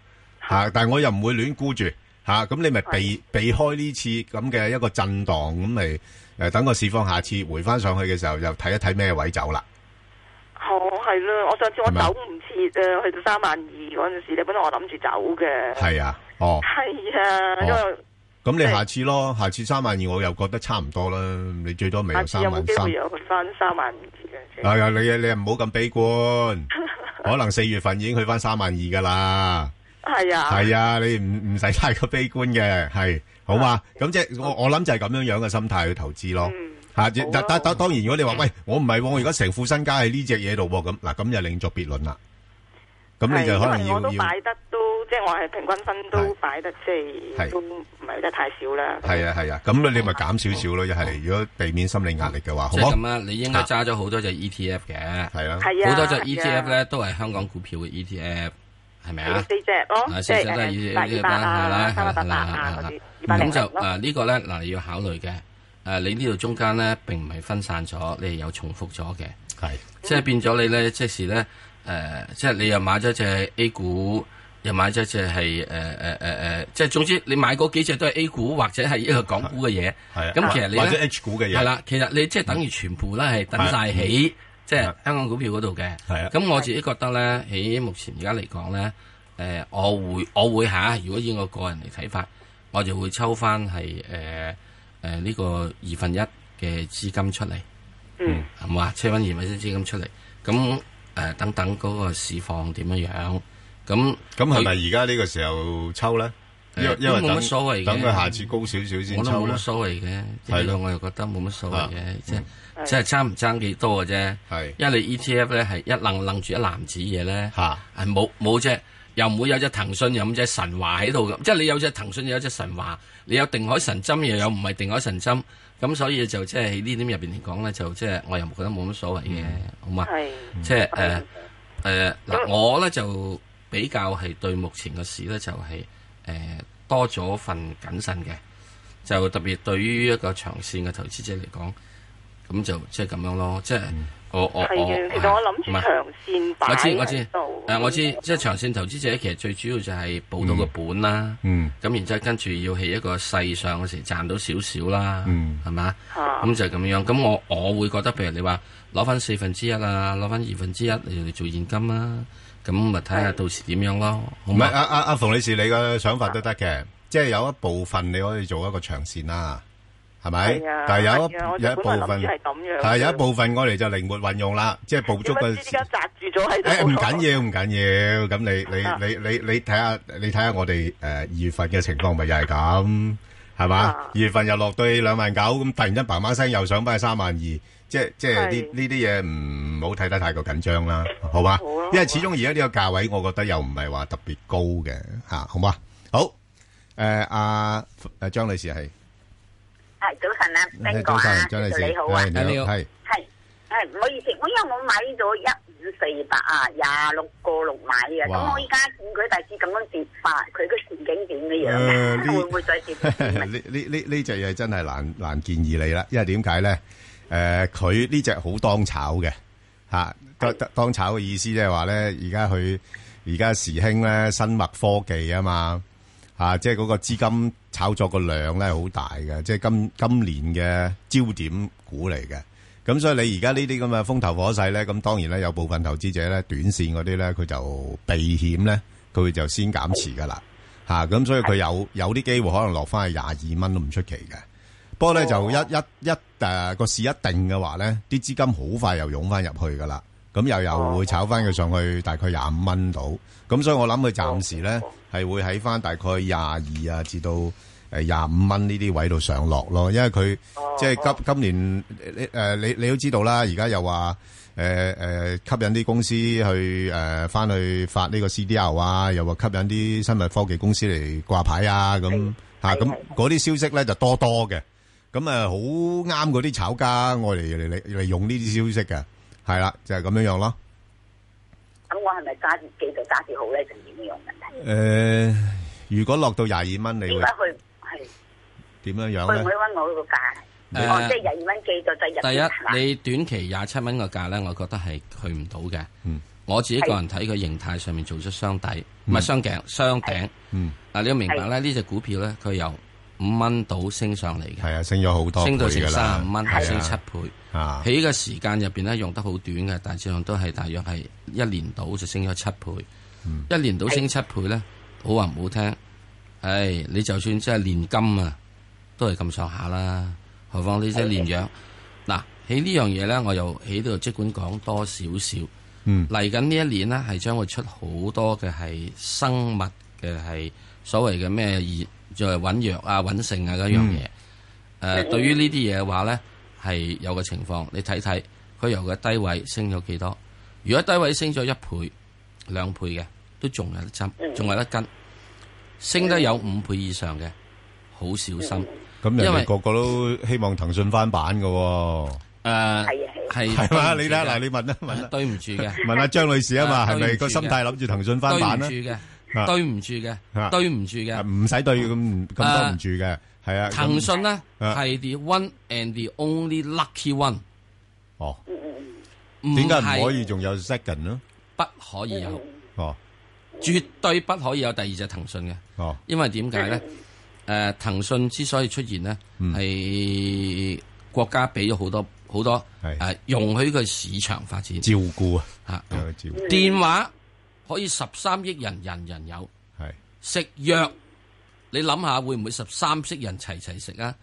吓的、啊，但係我又唔會亂沽住。吓、啊，咁你咪避的避開呢次咁嘅一個震盪，咁咪誒等個市況下次回翻上去嘅時候看看，又睇一睇咩位走啦。哦，係咯，我上次我走唔切啊，嗎去到三萬二嗰陣時咧，本來我諗住走嘅。係啊，哦，係啊，因、哦、為。哦 哦 咁你下次咯，下次三萬二我又覺得差唔多啦。你最多未有三萬三。下次有冇機會有去翻三萬五字嘅？係啊，你啊，你唔好咁悲觀，可能四月份已經去翻三萬二噶啦。係啊，係啊，你唔唔使太過悲觀嘅，係好嘛？咁即係我我諗就係咁樣樣嘅心態去投資咯。吓，但但但當然，如果你話喂，我唔係喎，我而家成副身家喺呢隻嘢度喎，咁嗱，咁就另作別論啦。咁你就可能要要。即係我係平均分都擺得，即係都唔係得太少啦。係啊係啊，咁你咪減少少咯，又係如果避免心理壓力嘅話，好咁啊。你應該揸咗好多隻 ETF 嘅，係啊，好多隻 ETF 咧都係香港股票嘅 ETF，係咪啊？四隻咯，即係誒，八百啊，八啦。零啊，咁就誒呢個咧嗱，你要考慮嘅誒，你呢度中間咧並唔係分散咗，你係有重複咗嘅，係即係變咗你咧即時咧誒，即係你又買咗隻 A 股。又買咗隻係誒誒誒誒，即係總之你買嗰幾隻都係 A 股或者係一個港股嘅嘢，係啊，其實你或者 H 股嘅嘢，係啦。其實你即係等於全部咧係等晒起，即係的香港股票嗰度嘅。係啊。咁我自己覺得咧，喺目前而家嚟講咧，誒、呃，我會我會嚇、啊。如果以我個人嚟睇法，我就會抽翻係誒誒呢個二分一嘅資金出嚟。嗯。係嘛？車翻二分一資金出嚟，咁誒、呃、等等嗰個市況點樣樣？咁咁係咪而家呢個時候抽咧？因為因為等等佢下次高少少先抽咧。我都冇乜所謂嘅。係咯，我又覺得冇乜所謂嘅，即係即係差唔差幾多嘅啫。係因為你 E T F 咧係一擸擸住一籃子嘢咧，係冇冇啫，又唔會有隻騰訊又有隻神華喺度咁，即係你有隻騰訊有隻神華，你有定海神針又有唔係定海神針，咁所以就即係喺呢點入邊嚟講咧，就即係我又覺得冇乜所謂嘅，好嘛？係即係誒誒嗱，我咧就。比較係對目前嘅市咧，就是，就係誒多咗份謹慎嘅，就特別對於一個長線嘅投資者嚟講，咁就即係咁樣咯，即、就、係、是、我我、嗯、我，我其實我諗住長線擺喺度。我知道我知，即係長線投資者其實最主要就係保到個本啦。嗯、咁、嗯、然之後跟住要起一個世上嘅時賺到少少啦。嗯，係嘛？哦、啊，咁就咁樣。咁我我會覺得，譬如你話攞翻四分之一啊，攞翻二分之一嚟做現金啦。咁咪睇下到時點樣咯。唔係阿阿阿馮女士，你個想法都得嘅，即係有一部分你可以做一個長線啦，係咪？係啊。但係有一一部分係咁樣，係有一部分我哋就靈活運用啦，即係捕捉嘅時間。點解而家扎住咗喺度？誒，唔緊要，唔緊要。咁你你你你你睇下，你睇下我哋誒二月份嘅情況，咪又係咁，係嘛？二月份又落到兩萬九，咁突然間嘭嘭聲又上翻去三萬二。即係即係呢呢啲嘢唔好睇得太過緊張啦，好嘛？好啊，因為始終而家呢個價位，我覺得又唔係話特別高嘅吓，好嘛？好，誒阿誒張女士係係早晨啊，邊個啊？張女士你好啊，你好，係係唔好意思，我因為哇我買咗一五四八啊廿六個六買嘅，咁我而家見佢大致間咁樣跌法，佢嘅前景點嘅樣會唔會再跌？呢呢呢呢隻嘢真係難難建議你啦，因為點解咧？誒，佢呢隻好當炒嘅吓、啊，當炒嘅意思即係話咧，而家佢而家時興咧生物科技啊嘛，吓、啊、即係嗰個資金炒作個量咧好大嘅，即係今今年嘅焦點股嚟嘅。咁所以你而家呢啲咁嘅風頭火勢咧，咁當然咧有部分投資者咧短線嗰啲咧，佢就避險咧，佢就先減持噶啦吓。咁、啊、所以佢有有啲機會可能落翻去廿二蚊都唔出奇嘅。不過咧，就一一一誒個、啊、市一定嘅話咧，啲資金好快又湧翻入去噶啦。咁又又會炒翻佢上去大概廿五蚊度。咁所以我諗佢暫時咧係會喺翻大概廿二啊至到誒廿五蚊呢啲位度上落咯，因為佢即係今今年誒、呃、你你都知道啦，而家又話誒誒吸引啲公司去誒翻、呃、去發呢個 C D R 啊，又話吸引啲生物科技公司嚟掛牌啊，咁嚇咁嗰啲消息咧就多多嘅。那咁啊，好啱嗰啲炒家，我哋嚟嚟嚟用呢啲消息嘅，係啦，就係、是、咁樣樣咯。咁我係咪揸住記就揸住好咧？就點樣咧？誒，如果落到廿二蚊，你覺得佢係？點樣樣佢去唔去翻我個價？呃、即係廿二蚊記就第一，你短期廿七蚊個價咧，我覺得係去唔到嘅。嗯、我自己個人睇佢形態上面做出雙底，唔係雙頂、雙頂。嗱，嗯、你要明白咧，呢隻股票咧，佢有、嗯。五蚊到升上嚟嘅，係啊，升咗好多升到成卅五蚊，啊、升七倍。啊、喺呢個時間入邊咧，用得好短嘅，大致上都係大約係一年到就升咗七倍。嗯、一年到升七倍咧，嗯、好話唔好聽，誒、哎，你就算即係煉金啊，都係咁上下啦，何況你、嗯嗯啊、呢啲煉藥。嗱，喺呢樣嘢咧，我又喺度即管講多少少。嚟緊呢一年咧，係將會出好多嘅係生物。嘅係所謂嘅咩熱，就係揾藥啊、揾性啊嗰樣嘢。誒、嗯，呃、對於呢啲嘢嘅話咧，係有個情況，你睇睇，佢由個低位升咗幾多？如果低位升咗一倍、兩倍嘅，都仲有得斟，仲係得跟，升得有五倍以上嘅，好小心。咁、嗯、因為個個都希望騰訊翻版嘅、哦。誒、呃，係係係嘛？你睇嗱，你問一問啦，對唔住嘅，問下、啊、張、 啊、女士啊嘛，係咪個心態諗住騰訊翻版啦？是不是對唔住嘅，對唔住嘅，唔使對咁咁對唔住嘅，係啊。騰訊咧係 the one and the only lucky one。哦，點解唔可以仲有 second 呢？不可以有，哦，絕對不可以有第二隻騰訊嘅。哦，因為點解咧？誒，騰訊之所以出現呢，係國家俾咗好多好多係容許佢市場發展，照顧啊吓，照顧，電話。可以十三億人人人有，係是食藥，你諗下會唔會十三億人齊齊食啊？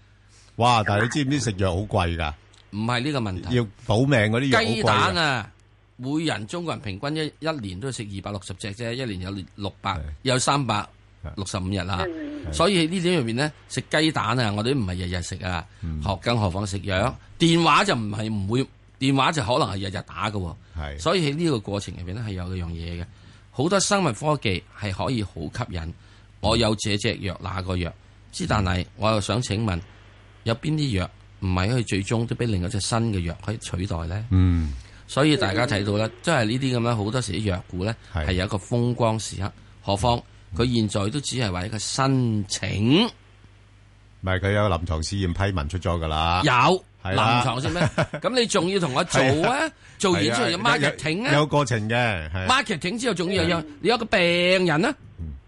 哇！但係你知唔知食藥好貴噶？唔係呢個問題，要保命嗰啲藥好貴。雞蛋啊，每人中國人平均一一年都食二百六十隻啫，一年有六百是，有三百六十五日啦。是所以點面呢點入邊咧，食雞蛋啊，我哋都唔係日日食啊。學、嗯、更何況食藥？是電話就唔係唔會，電話就可能係日日打噶。係是，是所以喺呢個過程入邊咧，係有樣嘢嘅。好多生物科技係可以好吸引，我有這隻藥，那個藥，之但係我又想請問，有邊啲藥唔係可以最終都俾另一隻新嘅藥可以取代咧？嗯，所以大家睇到咧，即係呢啲咁樣好多時啲藥股咧，係有一個風光時刻，是何況佢現在都只係為一個申請，唔係佢有臨床試驗批文出咗噶啦，嗯、有。臨床先咩？咁你仲要同我做啊？做完之後 marketing 啊？有過程嘅，marketing 之後仲要有，你有個病人啊。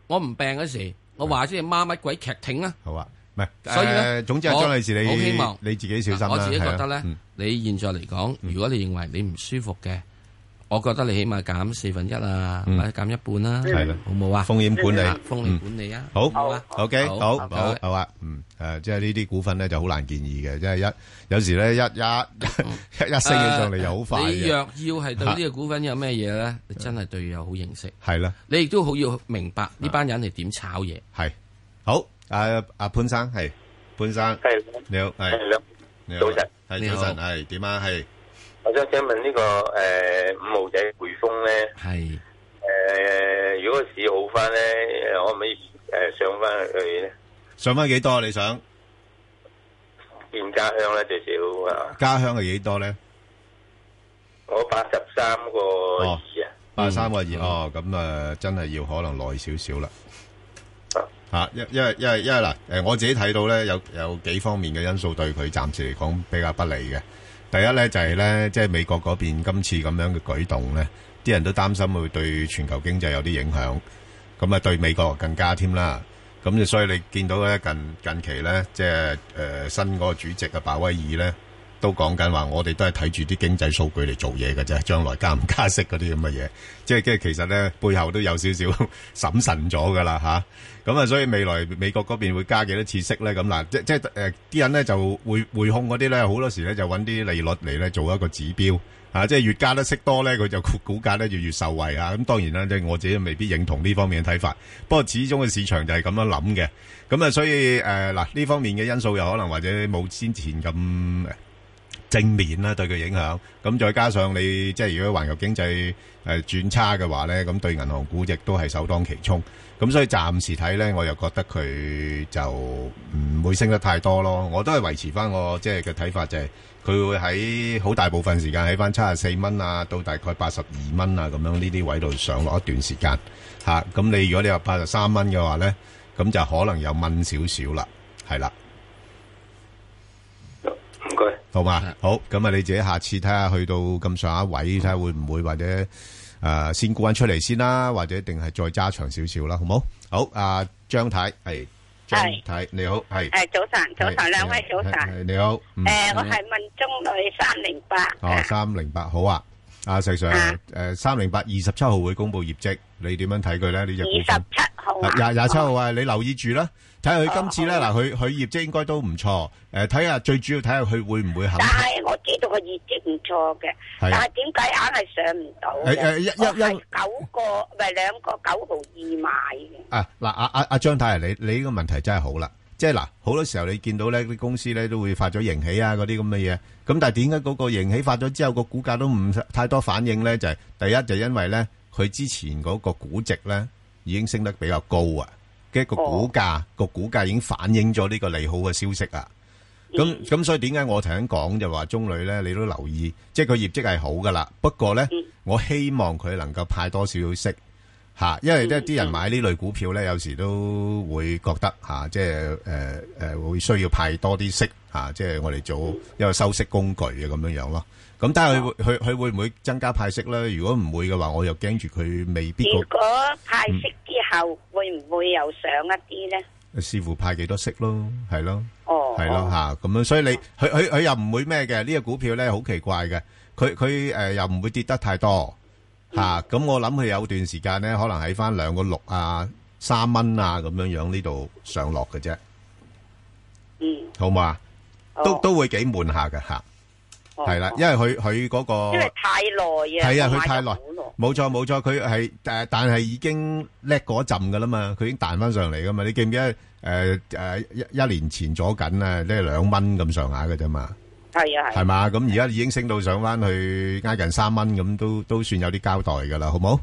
我唔病嗰時，我話先係咩鬼 marketing 啊。好啊，唔係。所以咧，總之張女士，你好希望你自己小心。我自己覺得咧，你現在嚟講，如果你認為你唔舒服嘅。我覺得你起碼減四分一啊，或者減一半啦，係啦，好冇啊？風險管理，風險管理啊！好，OK，好，好，好啊，嗯，誒，即係呢啲股份咧就好難建議嘅，即係一有時咧一一一一升起上嚟又好快嘅。你若要係對呢個股份有咩嘢咧，你真係對又好認識。係啦，你亦都好要明白呢班人係點炒嘢。係，好，誒，阿潘生係，潘生係，你好，係，你好，早晨，係，早晨，係，點啊，係。我想請問呢個誒五毛仔匯豐咧係誒如果市好翻咧可唔可以誒上翻去咧？上翻幾多啊你想？變家鄉咧最少啊？家鄉係幾多咧？我八十三個二啊，八十三個二哦，咁啊真係要可能耐少少啦。吓，因因為因為因為嗱誒我自己睇到咧有有幾方面嘅因素對佢暫時嚟講比較不利嘅。第一呢，就係、是、呢，即係美國嗰邊今次咁樣嘅舉動呢，啲人都擔心會對全球經濟有啲影響，咁啊對美國更加添啦。咁就所以你見到呢，近近期呢，即係誒、呃、新嗰個主席啊鮑威爾呢。都講緊話，我哋都係睇住啲經濟數據嚟做嘢嘅啫。將來加唔加息嗰啲咁嘅嘢，即係即係其實咧背後都有少少 審慎咗㗎啦吓，咁啊，所以未來美國嗰邊會加幾多次息咧？咁嗱，即即係誒啲人咧就會匯控嗰啲咧，好多時咧就揾啲利率嚟咧做一個指標嚇、啊，即係越加得息多咧，佢就股價咧就越，越受惠啊。咁當然啦，即係我自己未必認同呢方面嘅睇法，不過始終嘅市場就係咁樣諗嘅。咁啊，所以誒嗱呢方面嘅因素又可能或者冇先前咁。正面啦，對佢影響。咁再加上你，即係如果環球經濟誒、呃、轉差嘅話呢咁對銀行股亦都係首當其衝。咁所以暫時睇呢，我又覺得佢就唔會升得太多咯。我都係維持返我即係嘅睇法，就係，就係佢會喺好大部分時間喺返七十四蚊啊，到大概八十二蚊啊咁樣呢啲位度上落一段時間吓。咁、啊、你如果你話八十三蚊嘅話呢，咁就可能有問少少啦，係啦。好嘛，好，咁啊你自己下次睇下去到咁上下位，睇下會唔會或者誒先沽翻出嚟先啦，或者一定係再揸長少少啦，好冇？好，阿張太係張太你好係誒，早晨早晨，兩位早晨，你好，誒我係問中女三零八哦三零八好啊，阿石 sir 誒三零八二十七號會公布業績，你點樣睇佢咧？呢日二十七號啊廿廿七號啊，你留意住啦。睇下佢今次咧，嗱佢佢業績應該都唔錯。誒，睇下最主要睇下佢會唔會行？但係我知道個業績唔錯嘅，但係點解硬係上唔到？誒誒一一一九個唔係兩個九毫二買嘅。啊嗱，阿阿阿張太啊，你你呢個問題真係好啦。即係嗱，好多時候你見到呢啲公司咧都會發咗盈喜啊，嗰啲咁嘅嘢。咁但係點解嗰個盈喜發咗之後個股價都唔太多反應咧？就係第一就因為咧佢之前嗰個估值咧已經升得比較高啊。嘅個股價，這個股價已經反映咗呢個利好嘅消息啦，咁咁、嗯、所以點解我頭先講就話中旅咧，你都留意，即係佢業績係好噶啦，不過咧我希望佢能夠派多少少息吓、啊，因為咧啲人買呢類股票咧，有時都會覺得吓、啊，即係誒誒會需要派多啲息吓、啊，即係我哋做一個收息工具嘅咁樣樣咯。咁但係佢佢佢會唔會增加派息咧？如果唔會嘅話，我又驚住佢未必。如果派息之後會唔會又上一啲咧？視乎派幾多息咯，係咯，係咯吓咁樣。所以你佢佢佢又唔會咩嘅呢個股票咧，好奇怪嘅。佢佢誒又唔會跌得太多吓。咁我諗佢有段時間咧，可能喺返兩個六啊三蚊啊咁樣樣呢度上落嘅啫。嗯，好唔好啊？都都會幾悶下嘅吓。係啦，因為佢佢嗰個，因為太耐啊，係啊，佢太耐，冇錯冇錯，佢係誒，但係已經叻嗰陣噶啦嘛，佢已經彈翻上嚟噶嘛，你記唔記得誒誒一一年前咗緊啊，呢兩蚊咁上下噶啫嘛，係啊係，係嘛，咁而家已經升到上翻去挨近三蚊，咁都都算有啲交代噶啦，好冇？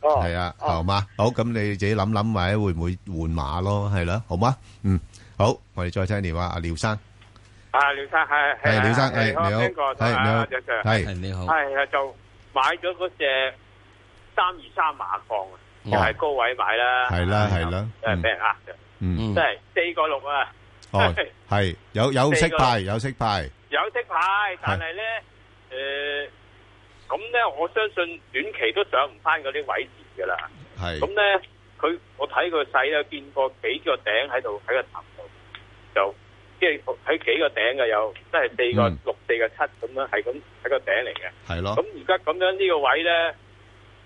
哦，係啊，好嘛，好，咁你自己諗諗或者，會唔會換馬咯？係啦，好嘛，嗯，好，我哋再聽電話阿廖生。係廖生，係係，廖生，係你好，係你好，係你好，係啊，就買咗嗰隻三二三馬鋼啊，又係高位買啦，係啦係啦，誒俾人壓咗，嗯嗯，即係四個六啊，哦係，有有息派，有息派，有息派，但係咧誒，咁咧我相信短期都上唔翻嗰啲位置噶啦，係，咁咧佢我睇個勢啊，見過幾個頂喺度喺個頭度就。即係喺幾個頂嘅有，即係四個六、四個七咁樣，係咁係個頂嚟嘅。係咯。咁而家咁樣呢個位咧，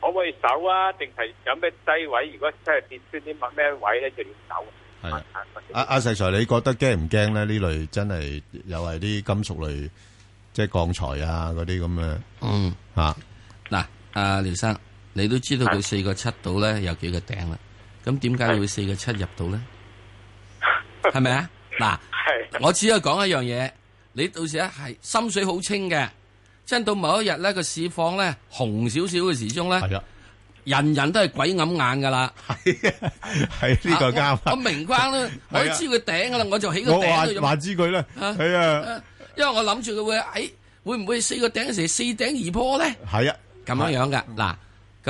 可唔可以走啊？定係有咩低位？如果真係跌穿啲乜咩位咧，就要走。係。阿阿世財，你覺得驚唔驚咧？呢類真係又係啲金屬類，即係鋼材啊，嗰啲咁樣。嗯。吓嗱，阿廖生，你都知道佢四個七到咧，有幾個頂啦？咁點解會四個七入到咧？係咪啊？嗱，我只係講一樣嘢，你到時咧係心水好清嘅，真到某一日咧個市況咧紅少少嘅時鐘咧，是的 人人都係鬼揞眼噶啦，係呢、這個啱、啊。我明關啦，是的 我知佢頂噶啦，我就起個頂度。我話知佢啦，係啊，因為我諗住佢會，誒、哎，會唔會四個頂嘅時候四頂二呢，四頂而坡咧？係啊，咁樣樣噶。嗱，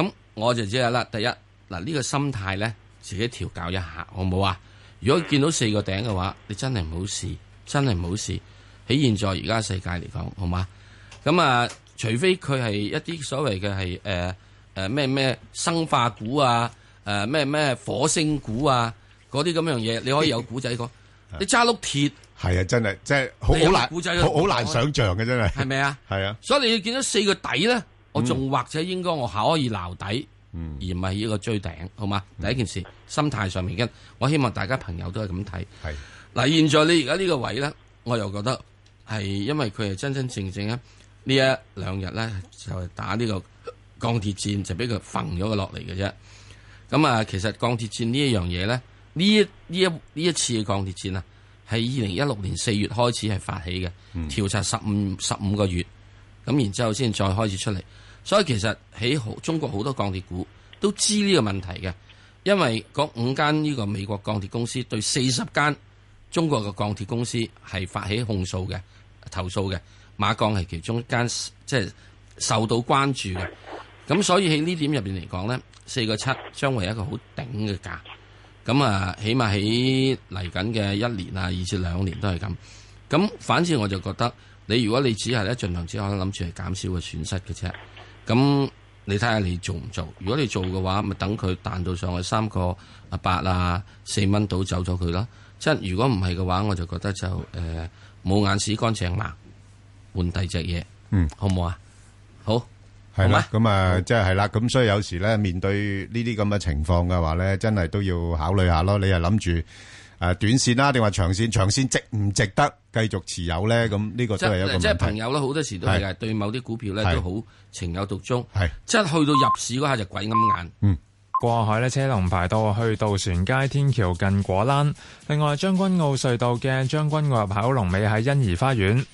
咁我就知有啦。第一，嗱呢、這個心態咧，自己調教一下，好唔好啊？如果見到四個頂嘅話，你真係唔好試，真係唔好試。喺現在而家世界嚟講，好嘛？咁、嗯、啊，除非佢係一啲所謂嘅係誒誒咩咩生化股啊，誒咩咩火星股啊，嗰啲咁樣嘢，你可以有古仔講。嘿嘿，你揸碌鐵，係啊，真係即係好好難，好好難想象嘅真係。係咪啊？係啊！所以你要見到四個底咧，我仲或者應該我可以撈底。嗯嗯，而唔係依個追頂，好嘛？第一件事，心態上面跟，我希望大家朋友都係咁睇。係嗱是，現在你而家呢個位咧，我又覺得係因為佢係真真正正咧，呢一兩日咧就係、是、打呢個鋼鐵戰，就俾佢焚咗佢落嚟嘅啫。咁、嗯、啊，其實鋼鐵戰呢一樣嘢咧，呢一呢一呢一次嘅鋼鐵戰啊，係二零一六年四月開始係發起嘅，調、嗯、查十五十五個月，咁然之後先再開始出嚟。所以其實喺中國好多鋼鐵股都知呢個問題嘅，因為嗰五間呢個美國鋼鐵公司對四十間中國嘅鋼鐵公司係發起控訴嘅投訴嘅，馬鋼係其中一間即係受到關注嘅。咁所以喺呢點入邊嚟講呢四個七將會係一個好頂嘅價。咁啊，起碼喺嚟緊嘅一年啊，甚至兩年都係咁。咁反正我就覺得你如果你只係咧，儘量只可以諗住係減少個損失嘅啫。咁你睇下你做唔做？如果你做嘅話，咪等佢彈到上去三個啊八啊四蚊到走咗佢咯。即係如果唔係嘅話，我就覺得就誒冇、呃、眼屎乾淨嘛，換第隻嘢，嗯，好唔好啊？好，係啦的。咁啊嗎，即係係啦。咁、就是、所以有時咧，面對呢啲咁嘅情況嘅話咧，真係都要考慮下咯。你又諗住。誒，短線啦，定話長線？長線值唔值得繼續持有呢？咁呢個即都係一個問題。即係朋友啦，好多時都係是對某啲股票咧都好情有獨鍾。係一是去到入市嗰下就鬼咁眼。嗯，過海咧，車龍排到去到渡船街天橋近果欄。另外，將軍澳隧道嘅將軍澳入口龍尾喺欣怡花園。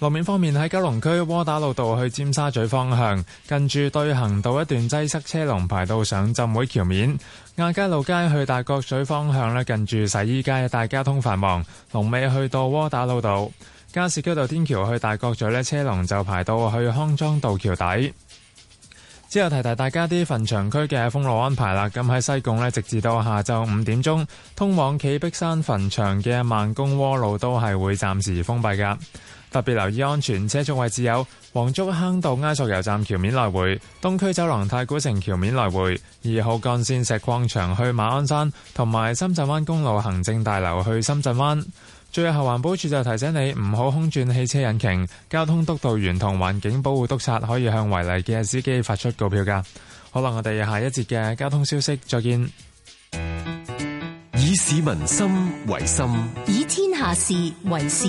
路面方面喺九龍區窩打老道去尖沙咀方向，近住對行道一段擠塞車龍，車龍排到上浸會橋面。亞皆路街去大角咀方向咧，近住洗衣街一帶交通繁忙。龍尾去到窩打老道，加士居道天橋去大角咀咧，車龍就排到去康莊道橋底。之後提提大家啲墳場區嘅封路安排啦。咁喺西貢咧，直至到下晝五點鐘，通往企碧山墳場嘅萬公窩路都係會暫時封閉噶。特別留意安全車速位置，有黃竹坑道埃索油站橋面來回、東區走廊太古城橋面來回、二號幹線石礦場去馬鞍山，同埋深圳灣公路行政大樓去深圳灣。最後，環保署就提醒你唔好空轉汽車引擎。交通督導員同環境保護督察可以向違例嘅司機發出告票噶。好啦，我哋下一節嘅交通消息再見。以市民心為心，以天下事為事。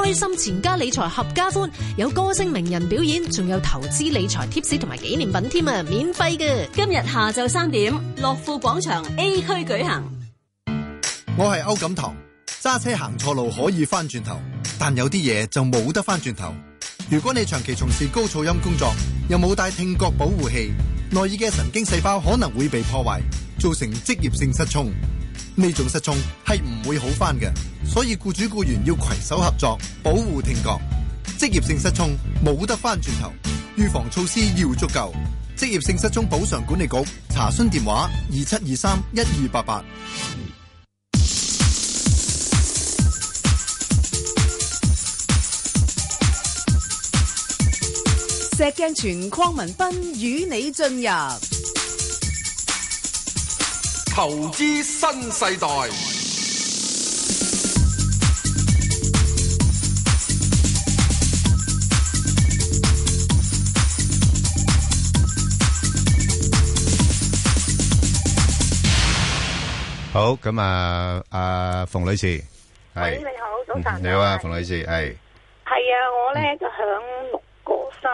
開心全家理財合家歡，有歌星名人表演，仲有投資理財 tips 同埋紀念品添啊，免費嘅！今日下晝三點，樂富廣場 A 區舉行。我係歐錦棠，揸車行錯路可以翻轉頭，但有啲嘢就冇得翻轉頭。如果你長期從事高噪音工作，又冇戴聽覺保護器，內耳嘅神經細胞可能會被破壞，造成職業性失聰。呢種失聰係唔會好翻嘅，所以雇主雇員要攜手合作，保護聽覺。職業性失聰冇得翻轉頭，預防措施要足夠。職業性失聰補償管理局查詢電話：二七二三一二八八。石鏡泉、鄺民彬與你進入。投資新世代。好，咁啊，阿馮女士，喂，你好，早晨，你好啊，馮女士，係，係啊，我咧就響六個三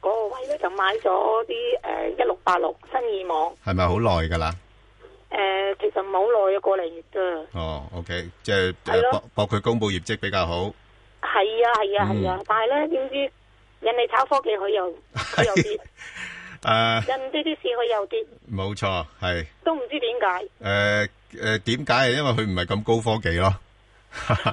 嗰個位咧，就買咗啲誒一六八六新意網，係咪好耐㗎喇？誒、呃，其實唔係好耐啊，過嚟月噶。哦，OK，即係咯博佢公布業績比較好。係啊，係啊，係啊，嗯、但係咧，點知人哋炒科技佢又佢又跌。誒， 呃、人哋啲事佢又跌。冇錯，係。都唔知點解。誒誒、呃，點解啊？因為佢唔係咁高科技咯。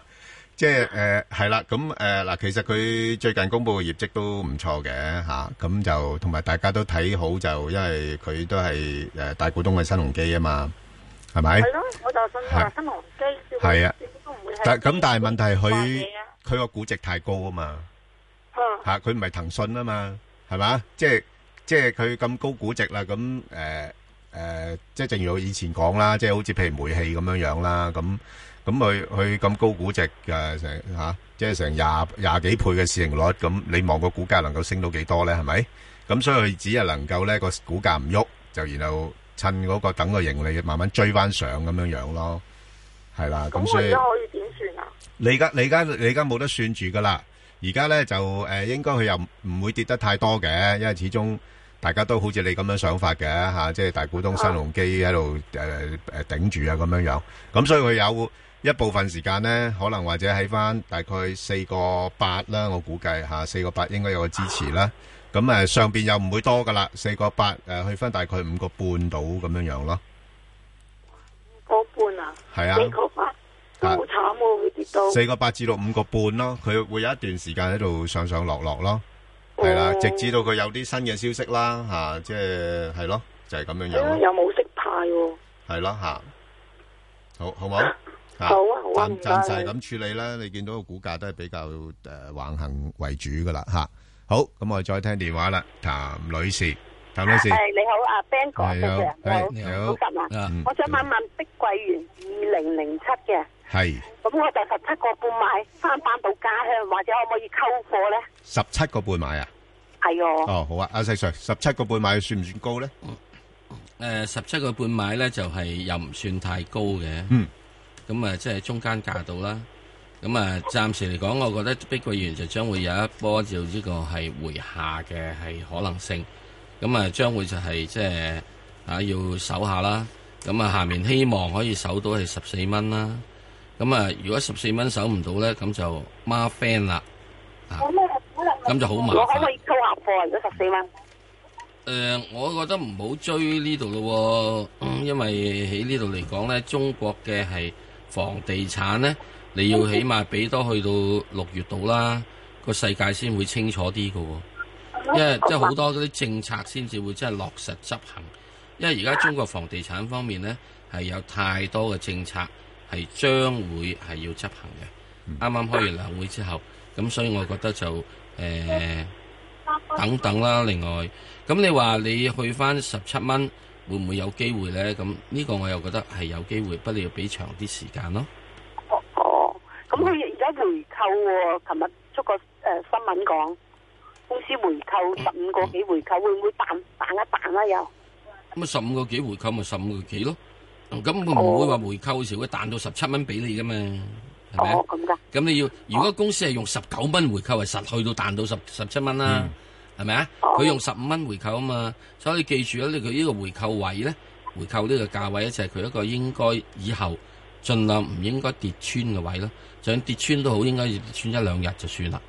即係誒，係啦，咁誒嗱，其實佢最近公布嘅業績都唔錯嘅吓，咁就同埋大家都睇好，就因為佢都係誒大股東嘅新鴻基啊嘛，係咪？係咯，我就信話新鴻基，係啊，始終都唔會係。但咁，但係問題係佢佢個估值太高啊嘛，吓，佢唔係騰訊啊嘛，係嘛？即係即係佢咁高估值啦，咁誒誒，即係正如我以前講啦，即係好似譬如煤氣咁樣樣啦，咁。咁佢佢咁高估值，誒，成吓，即係成廿廿幾倍嘅市盈率，咁你望個股價能夠升到幾多咧？係咪？咁所以佢只係能夠咧個股價唔喐，就然後趁嗰個等個盈利慢慢追翻上咁樣樣咯，係啦。咁所以可以點算啊？你而家你而家你而家冇得算住噶啦，而家咧就誒，應該佢又唔會跌得太多嘅，因為始終大家都好似你咁樣想法嘅吓，即係大股東新鴻基喺度誒誒頂住啊咁樣樣，咁所以佢有。一部分時間咧，可能或者喺翻大概四個八啦，我估計嚇四個八應該有個支持啦。咁誒上邊又唔會多噶啦，四個八誒去翻大概五個半度咁樣樣咯。五個半啊？係啊，四個八都好慘喎，佢跌到四個八至到五個半咯。佢會有一段時間喺度上上落落咯。係啦，直至到佢有啲新嘅消息啦嚇，即係係咯，就係咁樣樣。有冇息派喎。係咯嚇。好，好唔好？好啊，暫暫時咁處理啦，你見到個股價都係比較誒橫行為主噶啦吓。好，咁我哋再聽電話啦，譚女士，譚女士，係你好阿 Ben 哥，你好，啊、你好，我想問問碧桂園二零零七嘅係，咁是我第十七個半買翻翻到家鄉，或者可唔可以溝貨咧？十七個半買啊？係哦。哦，好啊，阿石 Sir，十七個半買算唔算高咧？誒，十七個半買咧就係又唔算太高嘅。嗯。嗯嗯咁啊，即係中間價到啦。咁啊，暫時嚟講，我覺得碧桂園就將會有一波就呢個係回下嘅係可能性。咁啊，將會就係、是、即係啊，要守下啦。咁啊，下面希望可以守到係十四蚊啦。咁啊，如果十四蚊守唔到咧，咁就孖 friend 啦。咁、啊、就好麻煩。我可唔可以做下貨十四蚊？誒、嗯呃，我覺得唔好追呢度咯，因為喺呢度嚟講咧，中國嘅係。房地產呢，你要起碼俾多去到六月度啦，個世界先會清楚啲嘅喎，因為即係好多嗰啲政策先至會真係落實執行，因為而家中國房地產方面呢，係有太多嘅政策係將會係要執行嘅。啱啱、嗯、開完兩會之後，咁所以我覺得就誒、呃、等等啦。另外，咁你話你去翻十七蚊。會唔會有機會咧？咁呢個我又覺得係有機會，不過你要俾長啲時間咯。哦，咁佢而家回購喎，琴日出個誒新聞講，公司回購十五個幾回購，會唔會彈彈一彈咧？又咁啊，十五個幾回購咪十五個幾咯？咁佢唔會話回購時會彈到十七蚊俾你噶嘛？係咪？哦，咁噶。咁你要如果公司係用十九蚊回購，係實去到彈到十十七蚊啦。係咪啊？佢用十五蚊回購啊嘛，所以你記住啊，佢呢個回購位咧，回購呢個價位咧就係佢一個應該以後盡量唔應該跌穿嘅位咯。想跌穿都好，應該跌穿一兩日就算啦。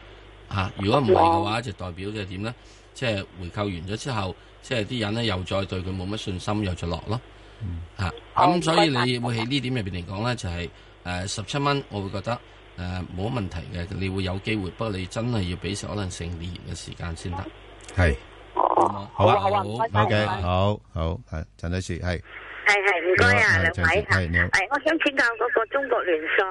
吓、啊，如果唔係嘅話，就代表呢就係點咧，即係回購完咗之後，即係啲人咧又再對佢冇乜信心，又再落咯。吓、啊，咁所以你會喺呢點入邊嚟講咧，就係誒十七蚊，我會覺得。誒，冇問題嘅，你會有機會。不過你真係要俾成可能成年嘅時間先得。係，好啊，好，OK，好好，係陳女士，係係係，唔該啊，兩位吓，係，我想請教嗰個中國聯塑，誒，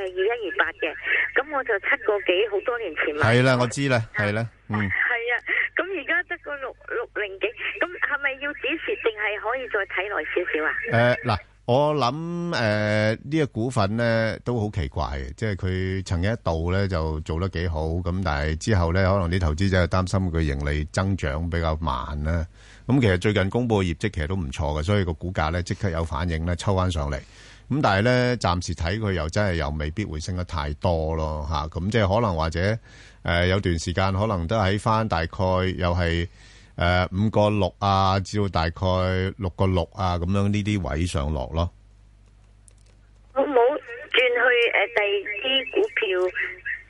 二一二八嘅，咁我就七個幾，好多年前啦。係啦，我知啦，係啦，嗯。係啊，咁而家得個六六零幾，咁係咪要止蝕，定係可以再睇耐少少啊？誒，嗱。我諗，誒，呢個股份呢都好奇怪，即係佢曾經一度呢就做得幾好，咁但係之後呢，可能啲投資者就擔心佢盈利增長比較慢啦。咁其實最近公布嘅業績其實都唔錯嘅，所以個股價呢即刻有反應呢抽翻上嚟。咁但係呢，暫時睇佢又真係又未必會升得太多咯，吓、啊、咁即係可能或者誒、呃、有段時間可能都喺翻大概又係。誒，五個六啊，至到大概六個六啊，咁樣呢啲位上落咯。我冇轉去誒，第二啲股票，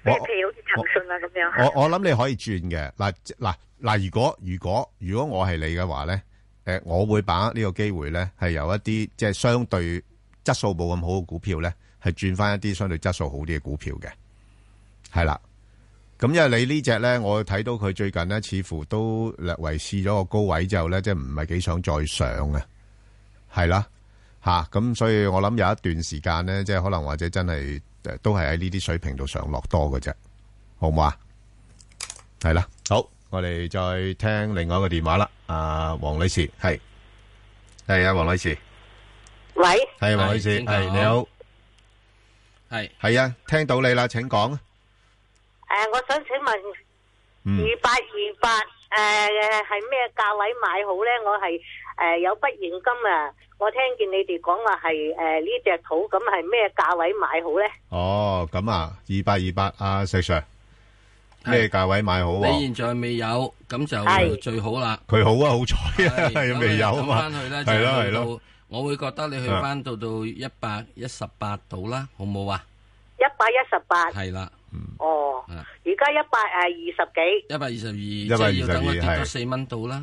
即係譬如好似騰訊啊咁樣。我我諗你可以轉嘅，嗱嗱嗱，如果如果如果我係你嘅話咧，誒、呃，我會把握呢個機會咧係由一啲即係相對質素冇咁好嘅股票咧，係轉翻一啲相對質素好啲嘅股票嘅，係啦。咁因為你呢隻咧，我睇到佢最近咧，似乎都略為試咗個高位之後咧，即係唔係幾想再上啊，係啦，吓咁，所以我諗有一段時間咧，即係可能或者真係誒，都係喺呢啲水平度上落多嘅啫，好唔好啊？係啦，好，我哋再聽另外一個電話啦，阿黃女士，係係啊，黃女士，喂，係黃女士，係你好，係係啊，聽到你啦，請講。誒，uh, 我想請問二八二八誒係咩價位買好咧？我係誒、uh, 有筆現金啊，我聽見你哋講話係誒呢隻土咁係咩價位買好咧？哦，咁啊，二八二八啊，石 Sir，咩價位買好啊？你現在未有，咁就最好啦。佢好啊，好彩啊，未有啊嘛。咁翻去咧，就去到我會覺得你去翻到的到一百一十八度啦，好唔好啊？一百一十八。係啦。哦，而家一百誒二十幾，一百二十二，即係要等我跌咗四蚊到啦。